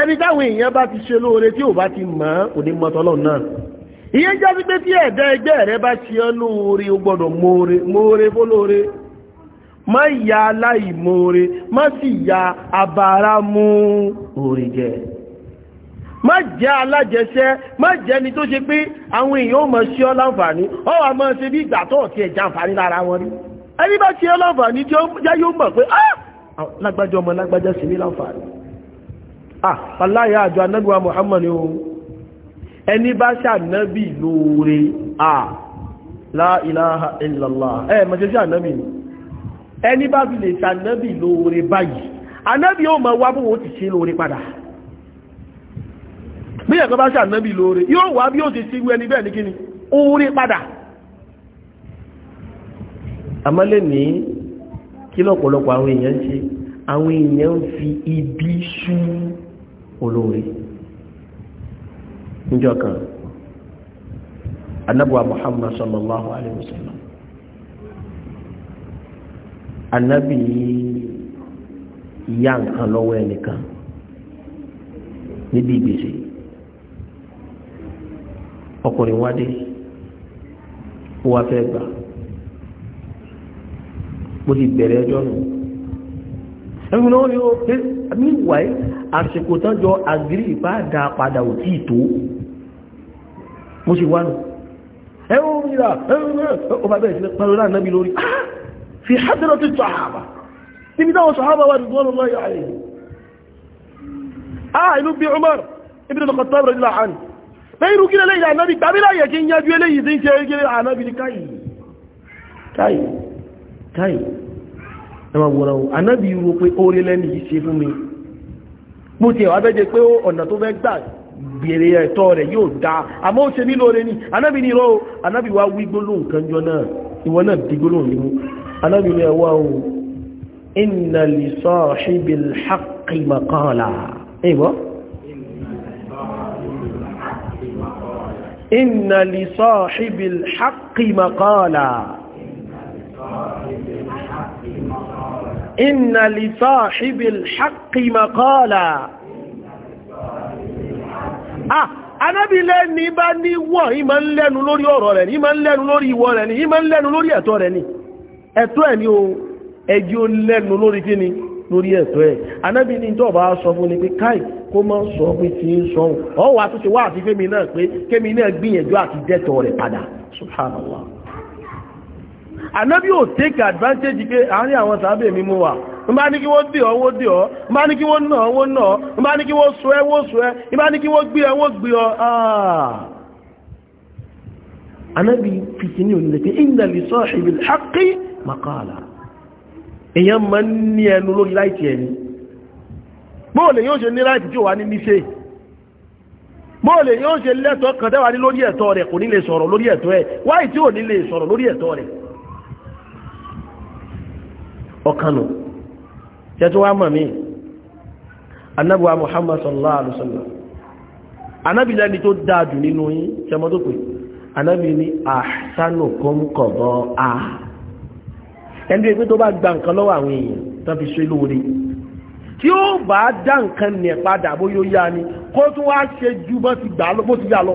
ẹni táwọn èèyàn bá ti ṣe lóore tí ò bá ti mọ̀ ọ́ kò ní mọ̀ tọ́lọ́ náà ìyẹn jẹ́ wípé tí ẹ̀dá ẹgbẹ́ rẹ bá ṣe ọ́ lóore o gbọ́dọ̀ mọ̀ọ́re mọ̀ọ́re fólóore má ya aláìmọ̀ọ́re má sì ya abara mú òrè jẹ má jẹ́ alájẹṣẹ́ má jẹ́ ni tó ṣe pé àwọn èèyàn ò mọ̀ ṣe ọ́ láǹfààní ọ́ wà máa ṣe bí ìgbà tó ọ̀tí ẹ̀já àǹfààní lára wọn rí ẹni bá ṣe ọ́ láǹfààní tí ó yá yóò mọ̀ pé ah! lágbájá ọmọ lágbájá sí ní láǹfààní ah aláyà àjọ anábíwá Muhammad ohun o ẹni bá ṣànábì lóore ah la ilaha ilalla ẹ ma sí si ni ẹni bá fi lè ṣànábì lóore báyìí ànábì yóò ma wá bóun ti ṣe lóore padà bí ẹ̀kọ́ bá ṣànábì lóore yóò wá bí ó ti ṣe ẹni bẹ́ẹ̀ ní kíni oore padà àmọ́lé kí lọ́pọ̀lọpọ̀ àwọn èèyàn ń ṣe àwọn èèyàn ń fi ibi olóore níjọ́ kan anabuwa muhammad sallallahu alayhi wa sallam anabi ya nǹkan lọ́wọ́ ẹnìkan níbi ìgbèsè ọkùnrin wádé ó fẹ́ gbà ti bẹ̀rẹ̀ ẹgbẹ́ náà yóò pé níwàí àsìkò tán jọ àgírí ìbá dá padà ò tí tó mo sì wá nù ẹ̀wọ̀n ìrà ẹ̀wọ̀n ọba bẹ̀rẹ̀ sí pẹ̀lú náà nábi lórí ah! fi hádẹ́rọ̀ tí sọ̀hábà níbi táwọn sọ̀hábà wà nìgbọ́n lọ́wọ́ yà áyè ah ìlú bí Umar ibn al-Khattab radiyallahu anhu bẹ́ẹ̀ irú kílẹ̀ lẹ́yìn ànábì tàbí láyẹ̀ kí ń yájú eléyìí tí ń ṣe kílẹ̀ ànábì ní káyì káyì káyì ẹmọ wòrán o anábì ro pé oore lẹ́nu yìí ṣe fún mi mo ti ẹ̀wà bẹ́jẹ̀ pé ọ̀nà tó fẹ́ gbà gbèrè ẹ̀tọ́ rẹ̀ yóò da àmọ́ ó ṣe nílò rẹ̀ ni anábì ní irọ́ o anábì wa wí gbólóhùn kan jọ náà ìwọ náà di gbólóhùn nínú anábì ní ẹwà o inna li sahibil haqqi maqala ẹ̀wọ́ inna li sahibil haqqi maqala inna li sahibil inna li sahibil haqqi maqala ah anábì lẹ́ni bá ní wọ́ ìmọ̀ ń lẹ́nu lórí ọ̀rọ̀ rẹ̀ ní ìmọ̀ ń lẹ́nu lórí ìwọ rẹ̀ ní ìmọ̀ ń lẹ́nu lórí ẹ̀tọ́ rẹ̀ ní ẹ̀tọ́ ẹ̀ ní o ẹjí ó lẹ́nu lórí kí ni lórí ẹ̀tọ́ ẹ̀ anábì ní ìjọba sọ fún ni pé káì kó mọ́ sọ pé ti ń sọ ọ wà tó ṣe wá àti fẹ́mi náà pé kémi náà gbìyànjú àti dẹ́tọ̀ rẹ̀ padà subhanallah ànábì ò take advantage pé àárín àwọn sàábẹ̀ mi mú wa n ní kí wọ́n dì ọ́ wọ́n dì ọ́ n ní kí wọ́n nà ọ́ wọ́n nà ọ́ n ní kí wọ́n sọ ẹ́ wọ́n sọ ẹ́ n ní kí wọ́n gbé ọ́ wọ́n gbé ọ́ ah. ànábì haqqi ń ní ẹnu lórí láìtì ẹni bóòlè yóò ṣe ní láìtì tí ní níṣe bóòlè yóò ṣe lẹ́tọ̀ọ́ kan ní lórí ẹ̀tọ́ ọkànnù tẹ́tù wá mọ̀ mí anábíwá muhammad sallallahu alaihi wasallam anábí lẹ́ni tó dáadù nínú yín tẹ́mọ́ tó pè anábí ní ahsanukum qada'a ẹni pé tó bá gba nǹkan lọ́wọ́ àwọn èèyàn tó fi ṣe lóore tí ó bá dá nǹkan nẹ̀ padà bó yóò yá ni kó tún wá ṣe jù bó ti gbà lọ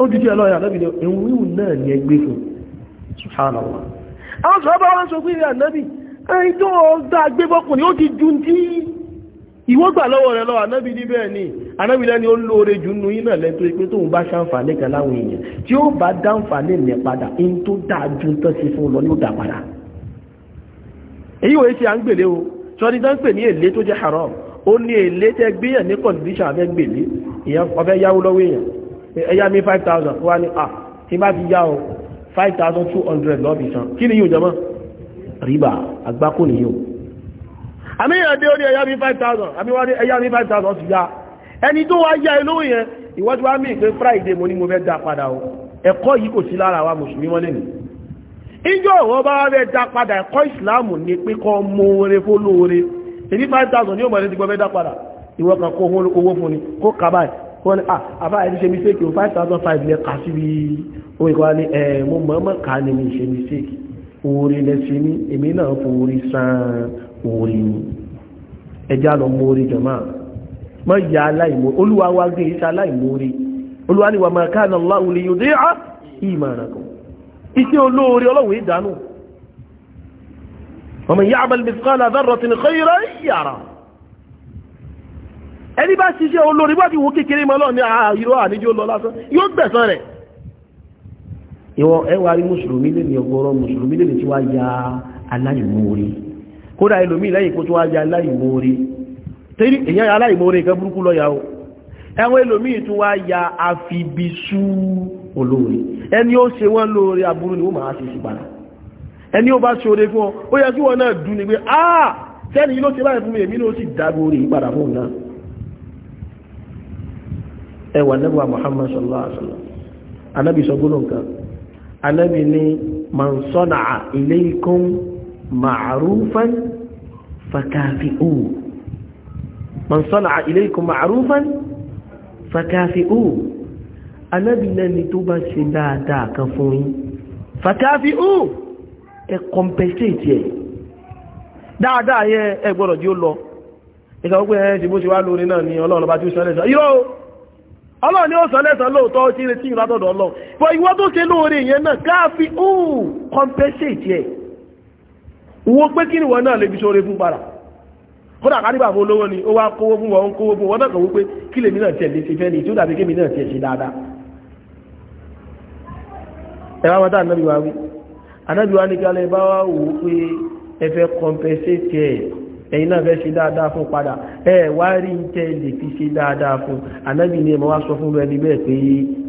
ó ti jẹ́ lọ́yà lọ́bí lọ ẹ̀hùn wíwù náà ni ẹgbẹ́ fún ṣùhánàwà àwọn sọ́bá wọn sọ pé ìrìn ànábì ẹni tó dá gbé bọ́kùnrin ó ti ju tí ìwọ́gbà lọ́wọ́ rẹ̀ lọ́wọ́ ànábì ní bẹ́ẹ̀ ni ànábì lẹ́ni ó lóore jù nínú iná lẹ́tọ́ pé tóun bá ṣàǹfààní kan láwọn èèyàn tí ó bá dáǹfààní nẹ̀ padà ẹni tó dáa ju tán sí fún lọ ní ó dà padà èyí wòye ṣe à ń gbèlé o sọ́ni tán pè ní èlé tó jẹ́ haram ó ní èlé tẹ́ gbéyàn ní kọ̀ǹdíṣàn abẹ́gbèlé ìyẹn ọfẹ́ yáwó lọ́wọ́ èèyàn ẹ̀yà mi five thousand wá ní à ah, tí bá ti yá o five thousand two hundred lọ́ọ̀bì san kí ni yóò jọmọ́ rìbá àgbákò ni yóò àmì ìyàdé ó ní ẹ̀yà mi five thousand àmì wá ní ẹ̀yà mi five thousand ti yá ẹni tó wá yá ilówó yẹn ìwọ́jú wá mí pé friday mo ní mo fẹ́ dá padà o ẹ̀kọ́ yìí kò sí lára wa mùsùlùmí mọ́ lẹ́nu ìjọ ìwọ́ bá fẹ́ dá padà ẹ̀kọ́ ìsìláàmù ni pé kọ́ mọ oore lóore èyí five thousand ní òmùrẹ́ ti gbọ́ fẹ́ dá padà ìwọ kan kó owó fún ni wọ́n ní àbá ẹni ṣe mistake o five thousand five lẹ kà síbi ohun ìkọ́wá ní ẹ̀ mo mọ̀ọ́mọ̀ kà ní mi ṣe mistake oore lẹ ṣe ní èmi náà forí san oore ni ẹja lọ mọ oore jọ̀mọ́ mọ ìyá aláìmọ olúwa wa gbé e iṣẹ́ aláìmọ ẹni ba ṣiṣẹ́ olori bá ti wo kékeré mọ́ lọ́ọ̀ a ah, àìrọ́ àníjó lọ lásán yóò gbẹ̀san rẹ̀ ìwọ ẹwà rí mùsùlùmí lè ní ọgọ́rọ̀ mùsùlùmí lè tí wá ya aláìmoore kódà ẹlòmí lẹ́yìn kó tó wá ya aláìmoore torí èyàn aláìmoore kan burúkú lọ́ya o ẹwọ́n ẹlòmí tó wá ya afibisú olóore ẹni ó ṣe wọ́n lóore aburú ni ó máa ṣe sí padà ẹni ó bá fún ọ ó yẹ kí náà dún ni pé ah sẹ́ni ló ṣe báyìí fún mi èmi ló ẹwà nẹ́bà Muhammad sallallahu alaihi wasallam anábì sọ gbọ́nà nǹkan anábì ní man sana'a ilaykum ma'rufan fakafi'uhu man sana'a ilaykum ma'rufan fakafi'uhu anábì lẹ́ni tó bá ṣe dáadáa kan fún yín fakafi'uhu ẹ compensate ẹ̀ dáadáa yẹ ẹ jí ó lọ ìkàwọ́ pé ẹ bó ṣe wá lórí náà ni ọlọ́run tí ó sọ́lẹ̀ sọ yóò ọlọ́run ni ó sọ lẹ́sàn lóòótọ́ tí retí ìrádọ́dọ̀ ọlọ́run bọ̀ ìwọ́n tó ṣe lóore yẹn náà káàfi ooo compensate ẹ̀ wo pé kí nìwọ̀n náà lè fi ṣoore fún padà kódà ká nígbà fún olówó ni ó wá kówó fún wọn kówó fún wọn náà kàn wó pé kí lèmi náà tiẹ̀ ni tí ó dàbí kémi compensate ẹ̀ ẹ̀yin náà fẹ́ ṣe dáadáa fún padà ẹ wá rí tẹ́ lè fi ṣe dáadáa fún anábì ni wọ́n sọ fún ẹni bẹ́ẹ̀ pé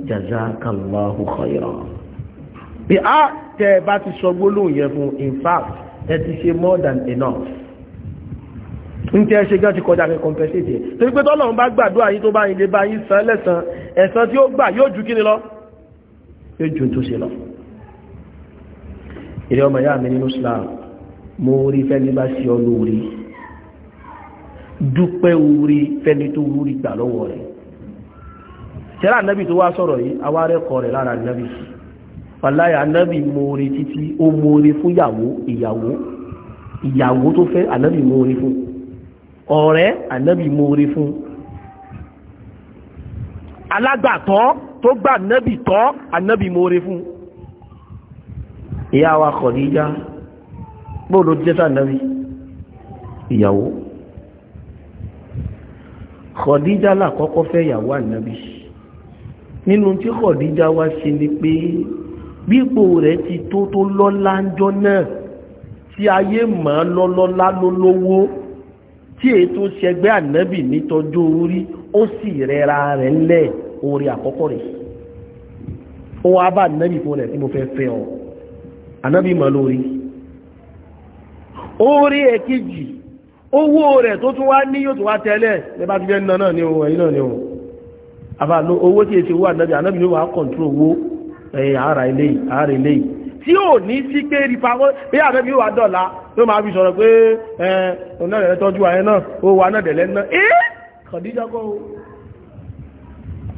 jazakallahu khayran bí a tẹ́ bá ti in fact ẹ ti more than enough ń tẹ́ ṣe gán ti kọjá fi compensate ẹ̀ torí pé tọ́lọ́run bá gbàdúrà yín tó bá yín lè bá yín san lẹ́san ẹ̀san tí ó gbà yóò ju kí ni lọ yóò ju tó ṣe lọ ìrẹ́ ọmọ ìyá mi nínú Islam mo rí fẹ́ ní bá ṣe ọ lóore dúpẹ́ orí fẹ́ni tó wúrí gbà lọ́wọ́ rẹ̀ tẹ́lá ànábì tó wá sọ̀rọ̀ yìí awárẹ́kọ̀ rẹ̀ lára ànábì wàláyà ànábì moore títí ó moore fún ìyàwó ìyàwó ìyàwó tó fẹ́ ànábì moore fún ọ̀rẹ́ ànábì moore fún alágbàtọ́ tó gbà ànábì tọ́ ànábì moore fún ìyá wa Khadija bóòlù jẹ́ sànábì ìyàwó Khadija làkọ́kọ́ fẹ́ yàwó ànábì nínú tí Khadija wá ṣe ni pé bípò rẹ̀ ti tó tó lọ́lá ńjọ́ náà tí ayé mọ̀ ọ́ lọ́lọ́lá lólówó tí ètò ṣẹgbẹ́ ànábì nítọ́jú orí ó sì rẹra rẹ̀ ńlẹ̀ orí àkọ́kọ́ rẹ̀ ó wá bá ànábì fún rẹ̀ tí mo fẹ́ fẹ́ ọ ànábì mọ̀ lórí orí èkejì owó rẹ̀ tó tún wá ní yóò tún wá tẹ́lẹ̀ lẹ́bá ti jẹ́ náà ní ohun ẹ̀yìn náà ní ohun àbá lo owó tí èsì owó ànábì ànábì yóò wá kọ̀ǹtró owó ẹ̀yìn ara ilé ara ilé tí ò ní sí ripa wọn bí ànábì yóò wá dọ̀la tó máa fi sọ̀rọ̀ pé ẹ ọ̀nà tọ́jú ayé náà ó wà náà ẹ kọ̀díjà kọ́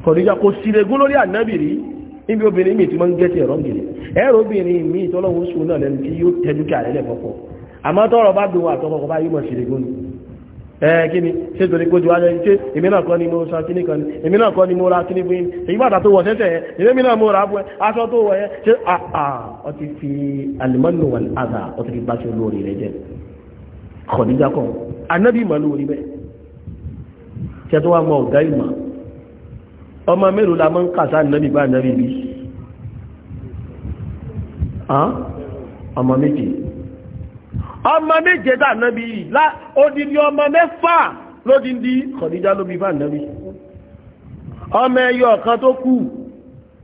kọ̀díjà kò sírégún lórí ànábì rí ti máa ń ẹ̀rọ àmọ́ tọ́rọ bá dùn àtọkọ̀kọ̀ bá yímọ̀ sí ìrìngún ẹ̀ẹ́kíní ṣe torí kójú wájẹ́ ṣe èmi náà kọ́ ni mo sọ kíní kan ní èmi náà kọ́ ni mo ra kíní fún yín èyí bàtà tó wọ̀ sẹ́sẹ̀ yẹn èmi náà mo ra fún ẹ aṣọ tó wọ̀ yẹn ṣe àà ọtí fi alimọ́nù wà láza ọtí fi báṣẹ olórí rẹ jẹ kọ̀díjà kan anábì ìmọ̀ lórí bẹ́ẹ̀ ṣe tó wà mọ ọ̀gá ìmọ̀ ọmọ mélòó la máa ń kà sáà nábì bá nábì bí ọmọ méjì ọmọ méje dà nábi odidi ọmọ mẹ́fà lódindi Khadija ló bí bá nábi ọmọ ẹyọ kan tó kù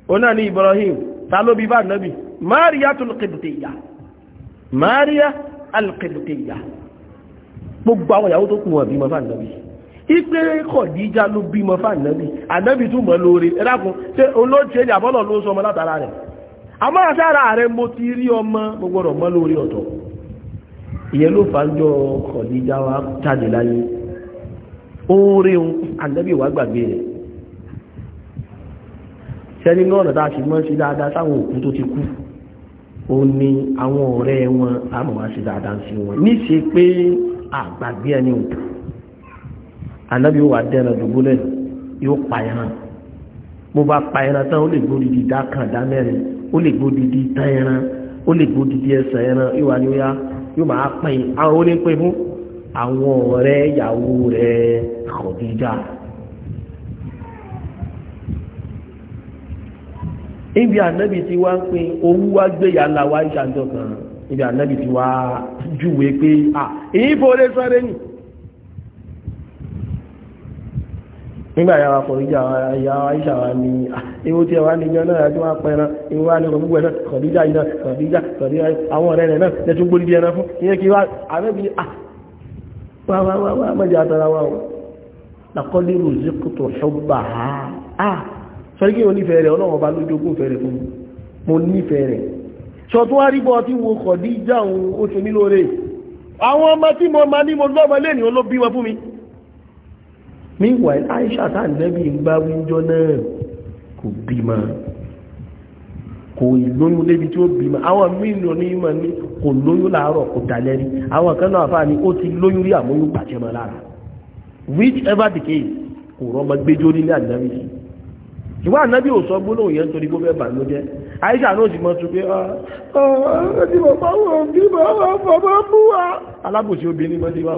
ọ̀nà ni Ibrahim ta ló bí bá nábi Mariya tó al-Qibtiyya Mariya al-Qibtiyya gbogbo àwọn ìyàwó tó kù wọn bí mọ́ bá nábi ipe kọ̀díjá ló bímọ fàànàbí ànábì tún mọ̀ lóore ẹ̀dàkùn tí olóòtú ẹ̀dà bọ́lọ̀ ló sọ ọmọ látara rẹ̀ àmọ́ àṣà ara rẹ̀ mo ti rí ọmọ gbogbo ọ̀rọ̀ mọ́ lóore ọ̀tọ̀ ìyẹn ló fà ń jọ ọ̀dídá wa jáde láyé oore ń ànábì wá gbàgbé rẹ̀ sẹ́ni náà ọ̀nà tá a sì mọ́ sí dáadáa sáwọn òkú tó ti kú ó ní àwọn ọ̀rẹ́ wọn àmọ́ wá sí dáadáa sí wọn níṣe pé àgbàgbé ẹni òkú ànábì wà dẹ́ran dùgbólẹ̀ yóò pa ẹran bó bá pa ẹran tán ó lè gbódi di kan dá mẹ́rin ó lè gbódi di ẹran ó lè gbódi di ẹsẹ̀ ẹran ìwà ni ó yá yóò máa pín àwọn onípín fún àwọn ọ̀rẹ́ ìyàwó rẹ̀ Khadija ibi ànábì tí wá ń pín owó wá gbé yàrá wá ìṣàjọ kan ibi ànábì tí wá júwe pé à èyí fòrè sọ́rẹ́ nìí nígbà yàrá kò ríjà ya aisha wa ni ah, ewu tí ẹ wá níjọ náà ẹ tí wọn pẹ náà ewu wa ní gbogbo ẹ náà kọdíjà yìí náà kọdíjà kọdíjà àwọn ọ̀rẹ́ rẹ̀ náà lẹtún gbóni bí ẹ náà fún ìyẹn kí wá àbẹbí ah wá wá wá wá mọjà àtàrà wa o làkọlẹ rùzíkùtù ṣọgbà ha ah sọ kí o nífẹ̀ẹ́ rẹ̀ Ọlọ́run ọba lójú ogún fẹrẹ fún mi mo nífẹ̀ẹ́ rẹ̀ sọ tó wá meanwhile aisha tá nebi ń bá wíjọ́ náà kò bímọ kò lóyún lébi tí ó bímọ àwọn mílíọ̀nù ní ìmọ̀ ní kò lóyún láàárọ̀ kò dalẹ́ àwọn kan náà fà ní ó ti lóyún rí àmóyún pàṣẹ mọ́ lára whichever the case kò rọ́mọ gbẹjọ́ nílé o sí ìwà ànábì ò sọ gbólóhùn yẹn nítorí bó fẹ́ aisha náà tún pé ah, ah, ah, ọ́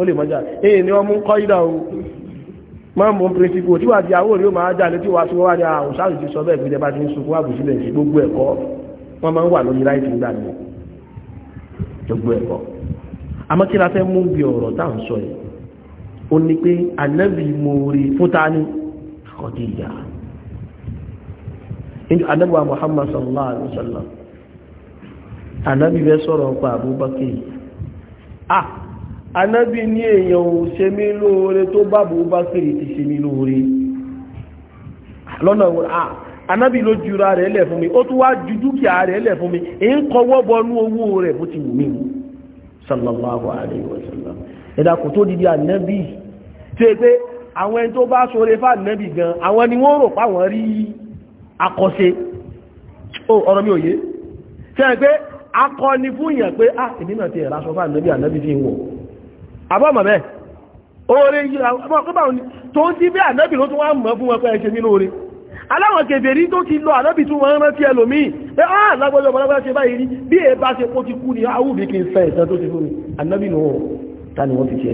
ó lè mọ́jà èyí ni wọ́n mú kọ́ ìdá o máa mú píríncípù tí wàá di àwọn òní ó máa jà létí wàá tí wọ́n wá ní àwọn sáàlù ti sọ bẹ́ẹ̀ gbẹdẹ bá ti ń sunkún wà bùsílẹ̀ sí gbogbo ẹ̀kọ́ wọ́n máa ń wà lórí láìpẹ́ nígbà mi gbogbo ẹ̀kọ́ àmọ́ kí la fẹ́ mú bí ọ̀rọ̀ tá à ń sọ yìí ó ní pé ànábì mòórì fúta ní Khadija ànábì wa Muhammad sallallahu alayhi wa sallam ànábì fẹ́ sọ̀rọ̀ nípa Abubakar ah anábì ní èèyàn ò ṣe mí lóore tó bábò bá sèrè ti ṣe mí lóore lọ́nà anábì ló jura rẹ̀ lẹ̀ fún mi ó tún wá ju dúkìá rẹ̀ lẹ̀ fún mi èyí ń kọwọ́ bọnú owó rẹ̀ bó ti wù mí sallallahu alayhi wa sallam ẹ̀dà kò tó dìde anábì tí ó pé àwọn ẹni tó bá ṣoore fà anábì gan àwọn ni wọ́n rò páwọn rí akọ́ṣe ó ọ̀rọ̀ mi òye tí ó pé akọni fún yẹn pé ah èmi náà ti ẹ̀rọ aṣọ fà anábì anábì fi ń wọ̀ àbọ̀mọ̀ bẹ́ẹ̀ oore yìí àbọ̀kọ́bà òní tó ń tí bí ànábì ló tún wá mọ̀ fún wọn pé ẹ̀ṣẹ̀ nínú oore aláwọn kèbèrí tó ti lọ ànábì tún wọn rántí ẹlòmíì pé áà ah, lágbọ́jọ́ ọmọlágbọ́jọ́ ṣe báyìí rí bí èé bá ṣe kó ti kú ni ni wọ́n fi ti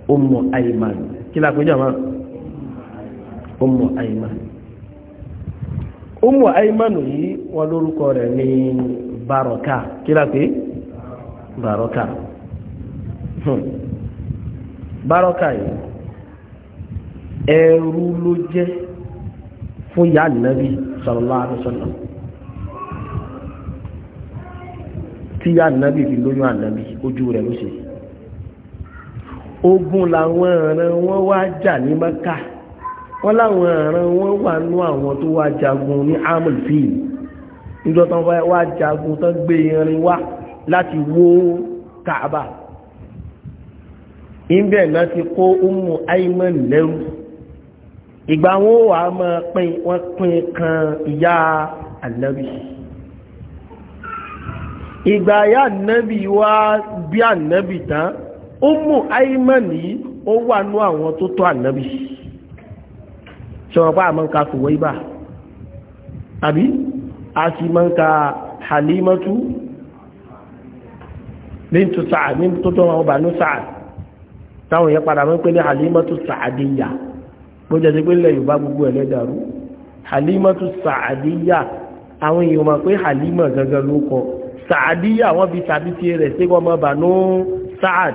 ẹjọ́ ta ni wọ́n kí lápéjọ máa Ummu Ayman Ummu Ayman yìí wọ́n lórúkọ rẹ̀ ní barọ́kà kí lápé barọ́kà hmm. barọ́kà yìí ẹrú ló jẹ́ fún ìyá Ànábì sallallahu alaihi wasallam tí ìyá Ànábì fi lóyún Ànábì ojú rẹ̀ ló ṣe ogun làwọn ọ̀ràn wọn wá jà ní mẹ́kà wọ́n láwọn ọ̀ràn wọn wà nú àwọn tó wá jagun ní amulfield níjọ́ tán wá jagun tán gbé irin wá láti wó Kaaba ìbẹ̀ náà ti kó Ummu Ayman lẹ́rú ìgbà wọn wà máa pín wọn pín kan ìyá Ànábì ìgbà ìyá Ànábì wá bí Ànábì tán Ummu Ayman yìí ó wà nú àwọn tó tọ́ ànábì sọ̀rọ̀ pa àmọ́ nǹkan kò wọ́n ibà àbí a sì mọ́ Halimatu bintu Sa'ad ní tó tọ́ àwọn Banu Sa'ad táwọn yẹn padà mọ́ pé ní Halimatu Sa'adiyya bó jẹ́ sí pé ilẹ̀ Yorùbá gbogbo ẹ̀ lẹ́dàrú Halimatu Sa'adiyya àwọn èèyàn mọ̀ pé Halima gangan ló kọ Sa'adiyya wọ́n fi tàbí tiẹ̀ rẹ̀ sí wọ́n mọ́ Banu Sa'ad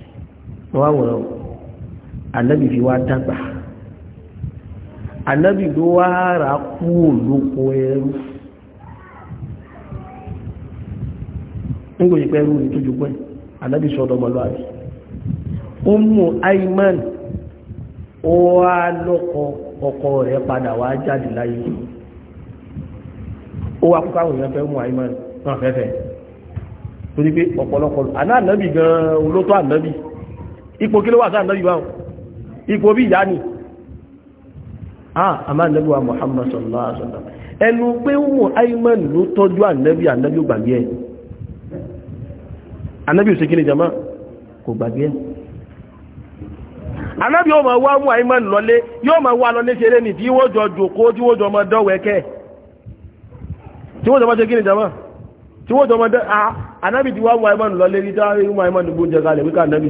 wọ́n àwòrán ànábì fi wá dàgbà ànábì ló wá rà kú olóko ẹrú nígbòyí pé ẹrú ìtújú pẹ́ ànábì sọ́dọ̀ ọmọlúwàbí Ummu Ayman ó wá lọ́kọ ọkọ rẹ̀ padà wá jáde láyé ó wá kúkọ́ àwọn èèyàn fẹ́ Ummu Ayman náà fẹ́fẹ́ torí pé ọ̀pọ̀lọpọ̀ àná ànábì gan-an olótó ànábì ipò kí ló wà sáà lọ́yìn báwọn ipò bí ìyá ni àmà ànábì wa Muhammad sallallahu alaihi wasallam ẹnu pé Ummu Ayman ló tọ́jú ànábì ànábì ò gbàgbé ẹ̀ ànábì ò sí kíni jama kò gbàgbé ẹ̀ ànábì yóò máa wá Ummu Ayman lọlé yóò máa wá lọlé ṣeré ní tí wọ́n jọ jòkó tí wọ́n jọ máa dọ́wẹ́kẹ́ tí wọ́n jọ máa ṣe kíni jama tí wọ́n jọ máa dọ́ ànábì tí wọ́n wá Ayman lọlé ní tí wọ́n wá Ayman gbóúnjẹ kalẹ̀ wíkà ànábì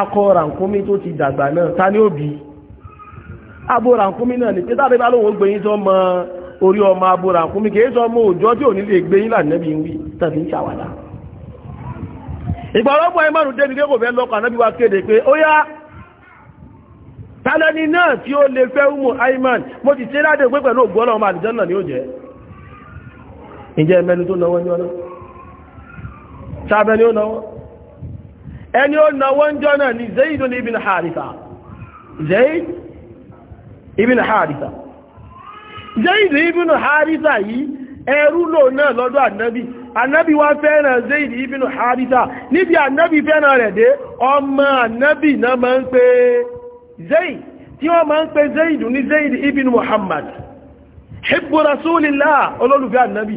akọ ràǹkómi tó ti dàgbà náà ta ní òbí abo ràǹkómi náà ní títàbí bá lóun gbé yín tó mọ orí ọmọ abo ràǹkómi kìí sọ ọmọ òjò tí ò ní lè gbé yín lànàbí ń wí tàbí ń ṣàwàdà ìgbọ̀rọ̀gbọ̀ ẹmọ́rún débi kí kò fẹ́ lọ́kọ̀ ànábí wa kéde pé ó yá tàlẹ́ni náà tí ó lè fẹ́ umu aiman ẹni ó na wọ́n jọ náà ni zaidun ibn haritha zaid ibn haritha zaid ibn haritha yìí ẹrú lò náà lọ́dọ̀ ànábì ànábì wá fẹ́ràn zaid ibn haritha níbi ànábì fẹ́ràn rẹ̀ dé ọmọ ànábì náà máa ń pè zaid tí wọ́n máa ń pè zaid ní zaid ibn muhammad hibbu rasulillah olólùfẹ́ ànábì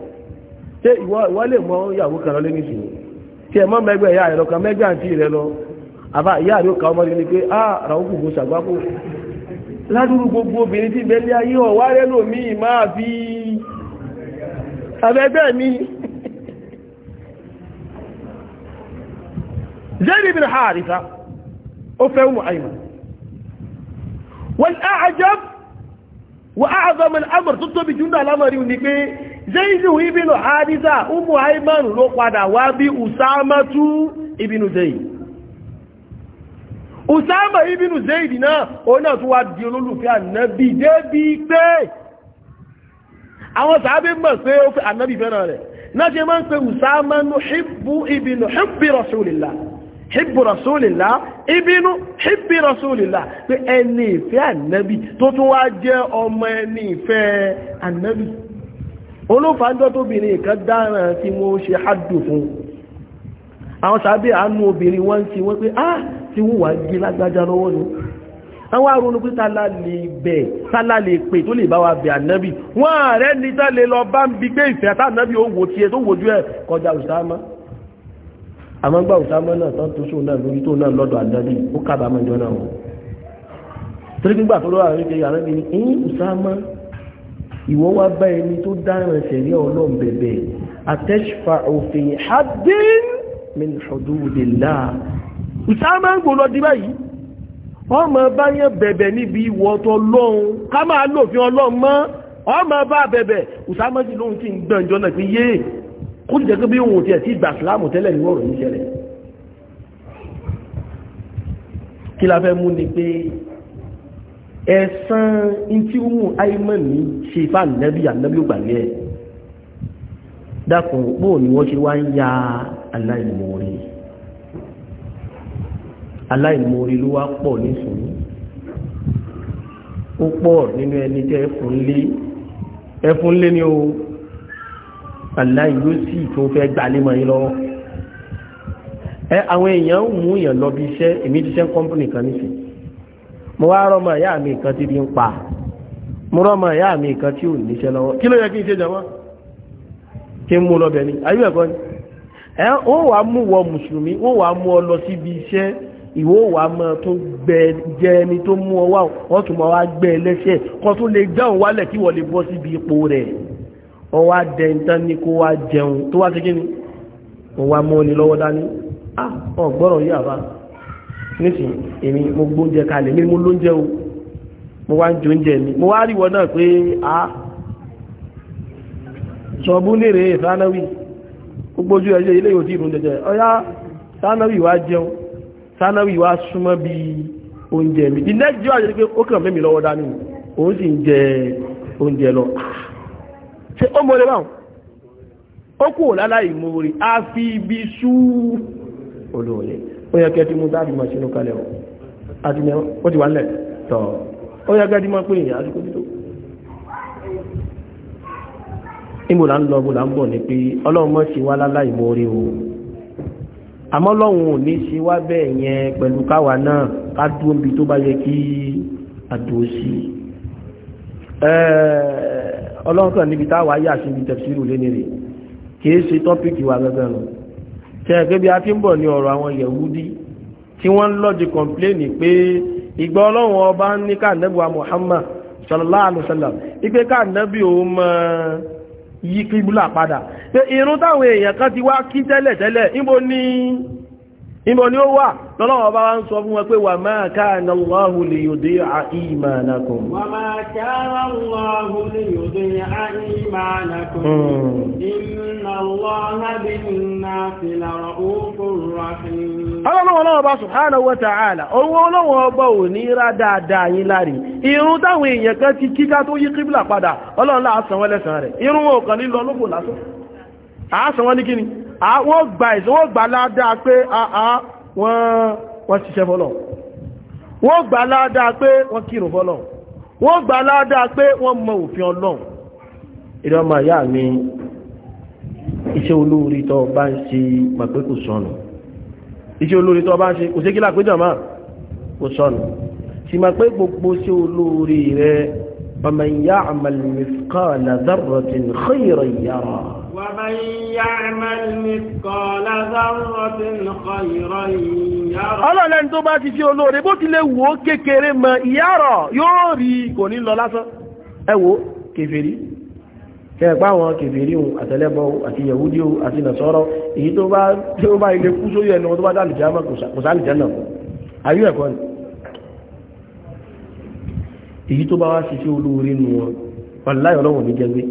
ṣé ìwọ lè mọ ìyàwó kan lọlé ní ìṣòro tí ẹ mọ mẹgbẹ ìyá rẹ lọkàn mẹgbẹ àǹtí rẹ lọ àbá ìyá rẹ ó ka ọmọdé ni pé a ràwọn kò bó ṣàgbákò ládùúgbò gbogbo obìnrin tí bẹ́ẹ̀ lé ayé ọ̀wá rẹ lòmí máa fi abẹ́gbẹ́ mi zayd ibn haritha ó fẹ́ umu ayman wal a'jab wa a'zam al-amr Zayidu ibinu Hadisa, Umu Haiman ló padà wá bí Usamatu ibinu Zaid. Usama ibinu Zaid náà, ó náà tó wá di olólùfẹ́ ànábì débi pé àwọn sàábé mọ̀ pé ó fẹ́ ànábì fẹ́ràn rẹ̀. Náà ṣe máa ń pe Usama nù Hibbu ibinu Hibbi Rasulillah. Hibbu Rasulillah, ibinu Hibbi Rasulillah, pé olófàájọ́ tóbìnrin kan dáràn tí wọ́n ṣe hádù fún àwọn sàábẹ̀ àánú obìnrin wọ́n ti wọ́n pé ah tí wọ́n wà gí lágbájá lọ́wọ́ ni àwọn arúnú pé tálà lè bẹ̀ tálà lè pè tó lè bá wa bẹ̀ ànábì wọ́n rẹ̀ ní tálẹ̀ lọ bá ń bí gbé ìfẹ́ àtànábì ó wò tiẹ̀ tó wojú ẹ̀ kọjá òṣàmọ́ àmọ́ gbà òṣàmọ́ náà tán tó sóun náà lórí tó náà lọ́dọ̀ ànábì ó kábàámọ̀ jọ náà wọ́n ìwọ wá bá ẹni tó dáràn ṣẹ̀rí ọlọ́run bẹ̀bẹ̀ àtẹ́ṣfà òfin haddin min hududillah ìsáàmà ń gbò lọ di báyìí wọ́n máa bá yẹn bẹ̀bẹ̀ níbi ìwọ̀tọ̀ lọ́hun ká máa lòfin ọlọ́run mọ́ wọ́n máa bá bẹ̀bẹ̀ ìsáàmà sí lóhun tí ń gbẹ̀ǹjọ́ náà fi ẹ̀sán tí ó mú àìmọ̀mí ṣe fà nẹ́bí ànẹ́bí ò gbàgbé ẹ̀ dákùn pò ní wọ́n ṣe wá ń ya aláìmoore aláìmoore ló wá pọ̀ nísìnyí ó pọ̀ nínú ẹni tẹ́ ẹfun lé ní o aláìlú sí tó fẹ́ gbalẹ́mọ̀ yín lọ́wọ́ ẹ àwọn èèyàn mú èèyàn lọ bí iṣẹ́ èmi ti ṣe ń kọ́mpìnì kan nísìnyí mo wá rọmọ ìyá mi kan ti di ń pa mo rọmọ ìyá mi kan tí ò níṣẹ́ lọ́wọ́ kí ló yẹ kí n ṣe jọmọ́ kí n mú lọ́bẹ̀ ni ayé ẹ̀kọ́ ni ẹ ó wà mú wọ mùsùlùmí ó wà mú ọ lọ síbi iṣẹ́ ìwọ wà mọ tó gbẹ jẹ ẹni tó mú ọ wá ọ tún mọ wá gbẹ ẹlẹ́ṣẹ̀ kan tó lè dáhùn wálẹ̀ kí wọ́n lè bọ́ síbi ipò rẹ̀ ọ wá dẹ̀ntán ni kó wá jẹun tó wá ṣe kí ni wọ́n wá mú ọ ní lọ́wọ́ dání ah ọ̀gbọ́rọ̀ yìí àbá nísìnyí èmi mo gbóúnjẹ kalẹ̀ mi mo lóúnjẹ o mo wá ń jẹ oúnjẹ mi mo wá rí wọn náà pé a sọ̀bú lèrè sanawi gbogbo ojú ẹjẹ ilé yóò tí jẹjẹ ọ̀yá sanawi wá jẹun sanawi wá súnmọ́ bí oúnjẹ mi the next day àjẹ́ pé ó kàn fẹ́mi lọ́wọ́ dání òun sì ń jẹ oúnjẹ lọ ṣe ó mọ̀ lẹ́wọ̀n ó kú láláì mọ̀ rí a fi ibi sú olóòyẹ̀ ó yẹ kẹ́ ti mú dáàbì mọ̀ sínú kalẹ̀ o àti mẹ́wọ́n ó ti wà nílẹ̀ tọ̀ ó yẹ kẹ́ ti mọ̀ pé èèyàn àti kóbi tó. níbo là ń lọ bó là ń bọ̀ ni pé ọlọ́run mọ̀ sí wa láláì mọ́rí o àmọ́ ọlọ́run ò ní ṣe wá bẹ́ẹ̀ yẹn pẹ̀lú káwa náà ká dúró níbi tó bá yẹ kí àdúró sí i ọlọ́run kan níbi táwa yà sí ibi tẹ̀síìrù lé nìrè kì í ṣe tọ́pìkì wa gángan nù tẹ́ẹ̀kẹ́ bí a ti ń bọ̀ ní ọ̀rọ̀ àwọn yẹ̀wúdí tí wọ́n ń lọ́dí kọ̀mpléènì pé ìgbà ọlọ́run ọba ń ní káànẹ́bùwa Muhammad sallallahu alaihi wasallam ipé káànẹ́bì ó mọ yí kíbúlà padà pé irun táwọn èèyàn kan ti wá kí tẹ́lẹ̀ tẹ́lẹ̀ níbo ni ìbò ni ó wà lọ́lọ́wọ́ bá wá ń sọ fún wọn pé wà máa kana Allahu li yudi'a wa hmm. ọba irun táwọn èèyàn kan ti kíká tó yí kíbìlà padà ọlọ́run rẹ̀ irun wọn ò kàn nílọ lókò lásán ní kíni wọ́n gba ẹ̀sùn wọ́n gba ládàá pé wọ́n ṣiṣẹ́ fọ́lọ̀ wọ́n gba ládàá pé wọ́n kírun fọ́lọ̀ wọ́n gba ládàá pé wọ́n mọ òfin ọlọ́run ìrọ̀ ọmọ ìyá iṣẹ́ olóorí tó bá ń ṣe pàpé kò sọnù iṣẹ́ olóorí tó bá ń ṣe kò ومن يعمل مثقال ذرة خيرا يرى ọlọ́lẹ́ni tó bá ti ṣe olóore bó ti lè wò ó kékeré mọ ìyárọ̀ yóò rí kò ní lọ lásán ẹ wò kèfèrí kẹgbà wọn kèfèrí ohun àtẹlẹ́bọ àti yahudi ohun àti nàṣọ́rọ̀ èyí tó bá tí ó bá ilé kú sórí ẹnu tó bá dálìjá mọ́ kò sálìjá náà ayú ẹ̀kọ́ ni èyí tó bá wá ṣiṣẹ́ olóore nù wọn láyọ̀ lọ́wọ́ ní jẹgbé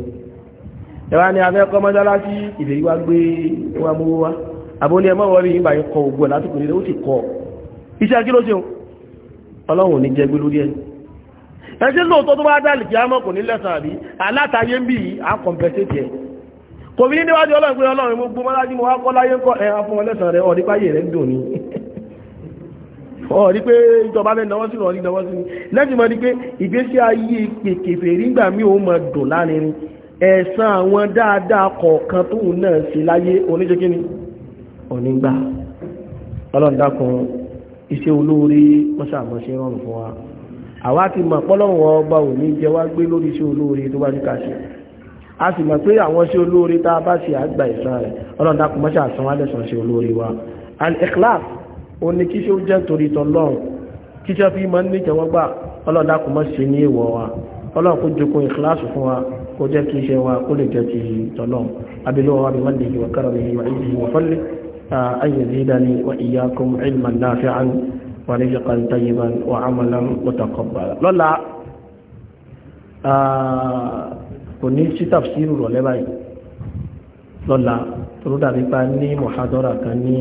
ẹwà ni abẹ́ kọ́ mọ́sálásí ìdè yíwá gbé ẹwà mú wá àbóní ẹmọ́ wọ́n rí ìgbà yín kọ ògbò látìkù nílé ó sì kọ iṣẹ́ kí ló ṣeun ọlọ́run ní jẹ́ gbé lórí ẹ̀ ẹṣẹ́ lóòótọ́ tó bá dálì kí á mọ̀ kò ní lẹ́sàn àbí alátayé ń bì í á kọ̀m̀pẹ́sẹ̀tì ẹ̀ kò fi ní níwájú ọlọ́run pé ọlọ́run mo gbó mọ́lájí mo wá kọ́ láyé ń kọ́ ẹ̀ á fún wọn lẹ́sàn rẹ̀ ọ̀rí páyé rẹ̀ ń dùn ní ọ̀rí pé ìjọba fẹ́ náwó sí ọ̀rí náwó sí ni lẹ́sìn mọ́ ẹ̀san àwọn dáadáa kọ̀ọ̀kan tó wù náà sí láyé oníṣẹ́kíní onígbà ọlọ́ndàkùn iṣẹ́ olóorí mọ́sàmọ́sẹ́ rọrùn fún wa àwa ti mọ̀ pọ́lọ́wọ́ ọba ò ní jẹ wá gbé lórí iṣẹ́ olóorí tó bá ní ká ṣe a sì mọ̀ pé àwọn iṣẹ́ olóorí tá a bá ṣe àgbà ẹ̀san rẹ̀ ọlọ́ndàkùn mọ́sà san wá lẹ́san iṣẹ́ olóorí wa and ikhlas ó ní kíṣẹ́ ó jẹ́ torí tọ́lọ́run kíṣẹ́ fi mọ́ ní ìtẹ́wọ́gbà ọlọ́ndàkùn mọ́sẹ̀ ní ìwọ̀ wa ọlọ́run kó jokun ìkíláàsì fún wa kó jẹ́ kí iṣẹ́ wa kó lè jẹ́ ti tọ́lọ́n abilọ́wọ́ wa bí wọ́n lè yíwa kára lè yíwa ìdí wa fọ́lẹ̀ ayé zidani wa iyyakum ilman nafi'an wa rizqan tayyiban wa amalan mutaqabbala lọ́la kò ní sí tafsiru rọ̀lẹ́ báyìí lọ́la tó dàbí pa ní muhadara kan ní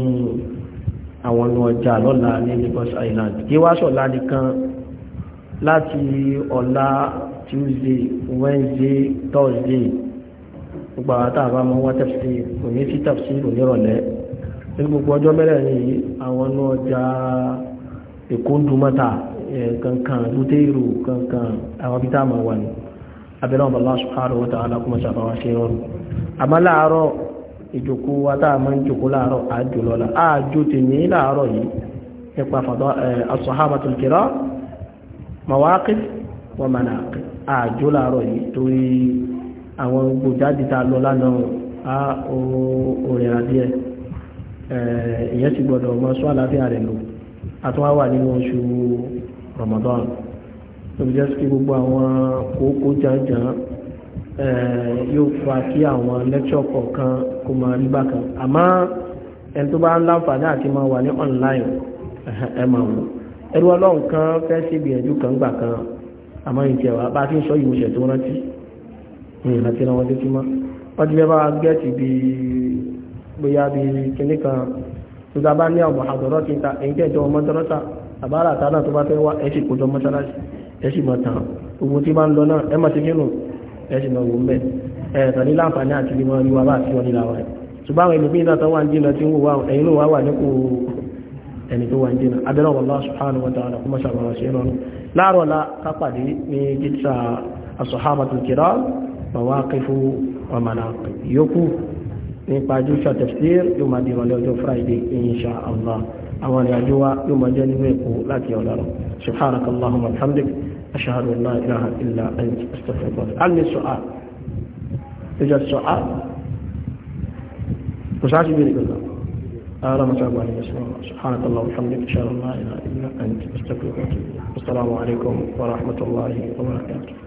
àwọn ọjà lọ́la ní Lagos Island kí wá sọ̀la nìkan láti ọ̀la tuesday wednesday thursday gbogbo àwọn tá a bá mọ wá tafsir kò ní sí tafsir kò ní rọ̀lẹ́ ní gbogbo ọjọ́ mẹ́rẹ̀ ní àwọn ọ̀nà ọjà èkó ń dumọ́ta kankan lútẹ́rù kankan àwọn bí tá a mọ̀ wà ní abẹ́rẹ́ ọmọ Allah subhanahu wa ta'ala kó mọ̀ṣà bá wá ṣe rọrùn àmọ́ láàárọ̀ ìjòkó wa tá a máa ń jòkó láàárọ̀ àjò lọ́la àjò tèmi láàárọ̀ yìí nípa fàdọ́ as-sahabatul kiram mawaqif wa manaqib àjò làárọ̀ yìí torí àwọn gbòjáde tá a lọ lánàá á òrìn àdíẹ̀ ìyẹn ti gbọ́dọ̀ mọ sọ àlàáfíà rẹ̀ lò àtúnwá wà nínú oṣù Ramadan tóbi jẹ́ sí gbogbo àwọn kókó jàǹjàǹ yóò fa kí àwọn lẹ́kṣọ̀ kọ̀ọ̀kan kó máa rí bákan àmọ́ ẹni tó bá ń láǹfààní àti máa wà ní online ẹ̀ máa wò ẹrú ọlọ́run kan fẹ́ síbi ẹ̀jú kan gbà kan àmọ́ ìjẹwà bá tí ń sọ ìmúṣẹ̀ tó rántí ní ìrántí náà wọ́n lé túmọ́ wọ́n ti mẹ́bàá gẹ́ẹ̀tì bí bóyá bí kinní kan tó ta bá ní àwọn àdọ̀rọ̀ ti ta èyí tẹ́jọ mọ́tọ́rọ́ta àbára àtàdà tó bá fẹ́ wá ẹ̀sì kójọ mọ́tọ́rọ́sì ẹ̀sì mọ̀ tán gbogbo tí bá ń lọ náà ẹ mọ̀ sí kínú ẹ̀sì mọ̀ wò ń bẹ̀ ẹ̀ẹ̀tàn ní láǹfààní àti ìgbìmọ̀ ẹni tó wà ní dínà abẹ́rẹ́ Allah wọ́n wa ta'ala kó mọ́ṣà bàbá ṣe rọrùn láàárọ̀ la kápàdé ní jíta as-sahabatul kiram mawaqifu wa manaqib yòókù nípa jíta tafsir yóò máa di ìrọ̀lẹ́ ọjọ́ friday insha allah àwọn ìrìnàjò wa yóò máa jẹ́ nínú èkó láti ọ̀lọ́rọ̀ subhanakallahumma alhamdik ashhadu kò هذا أبو علي سبحانك الله وبحمدك إن شاء الله لا إله إلا أنت أستغفرك والسلام عليكم ورحمة الله وبركاته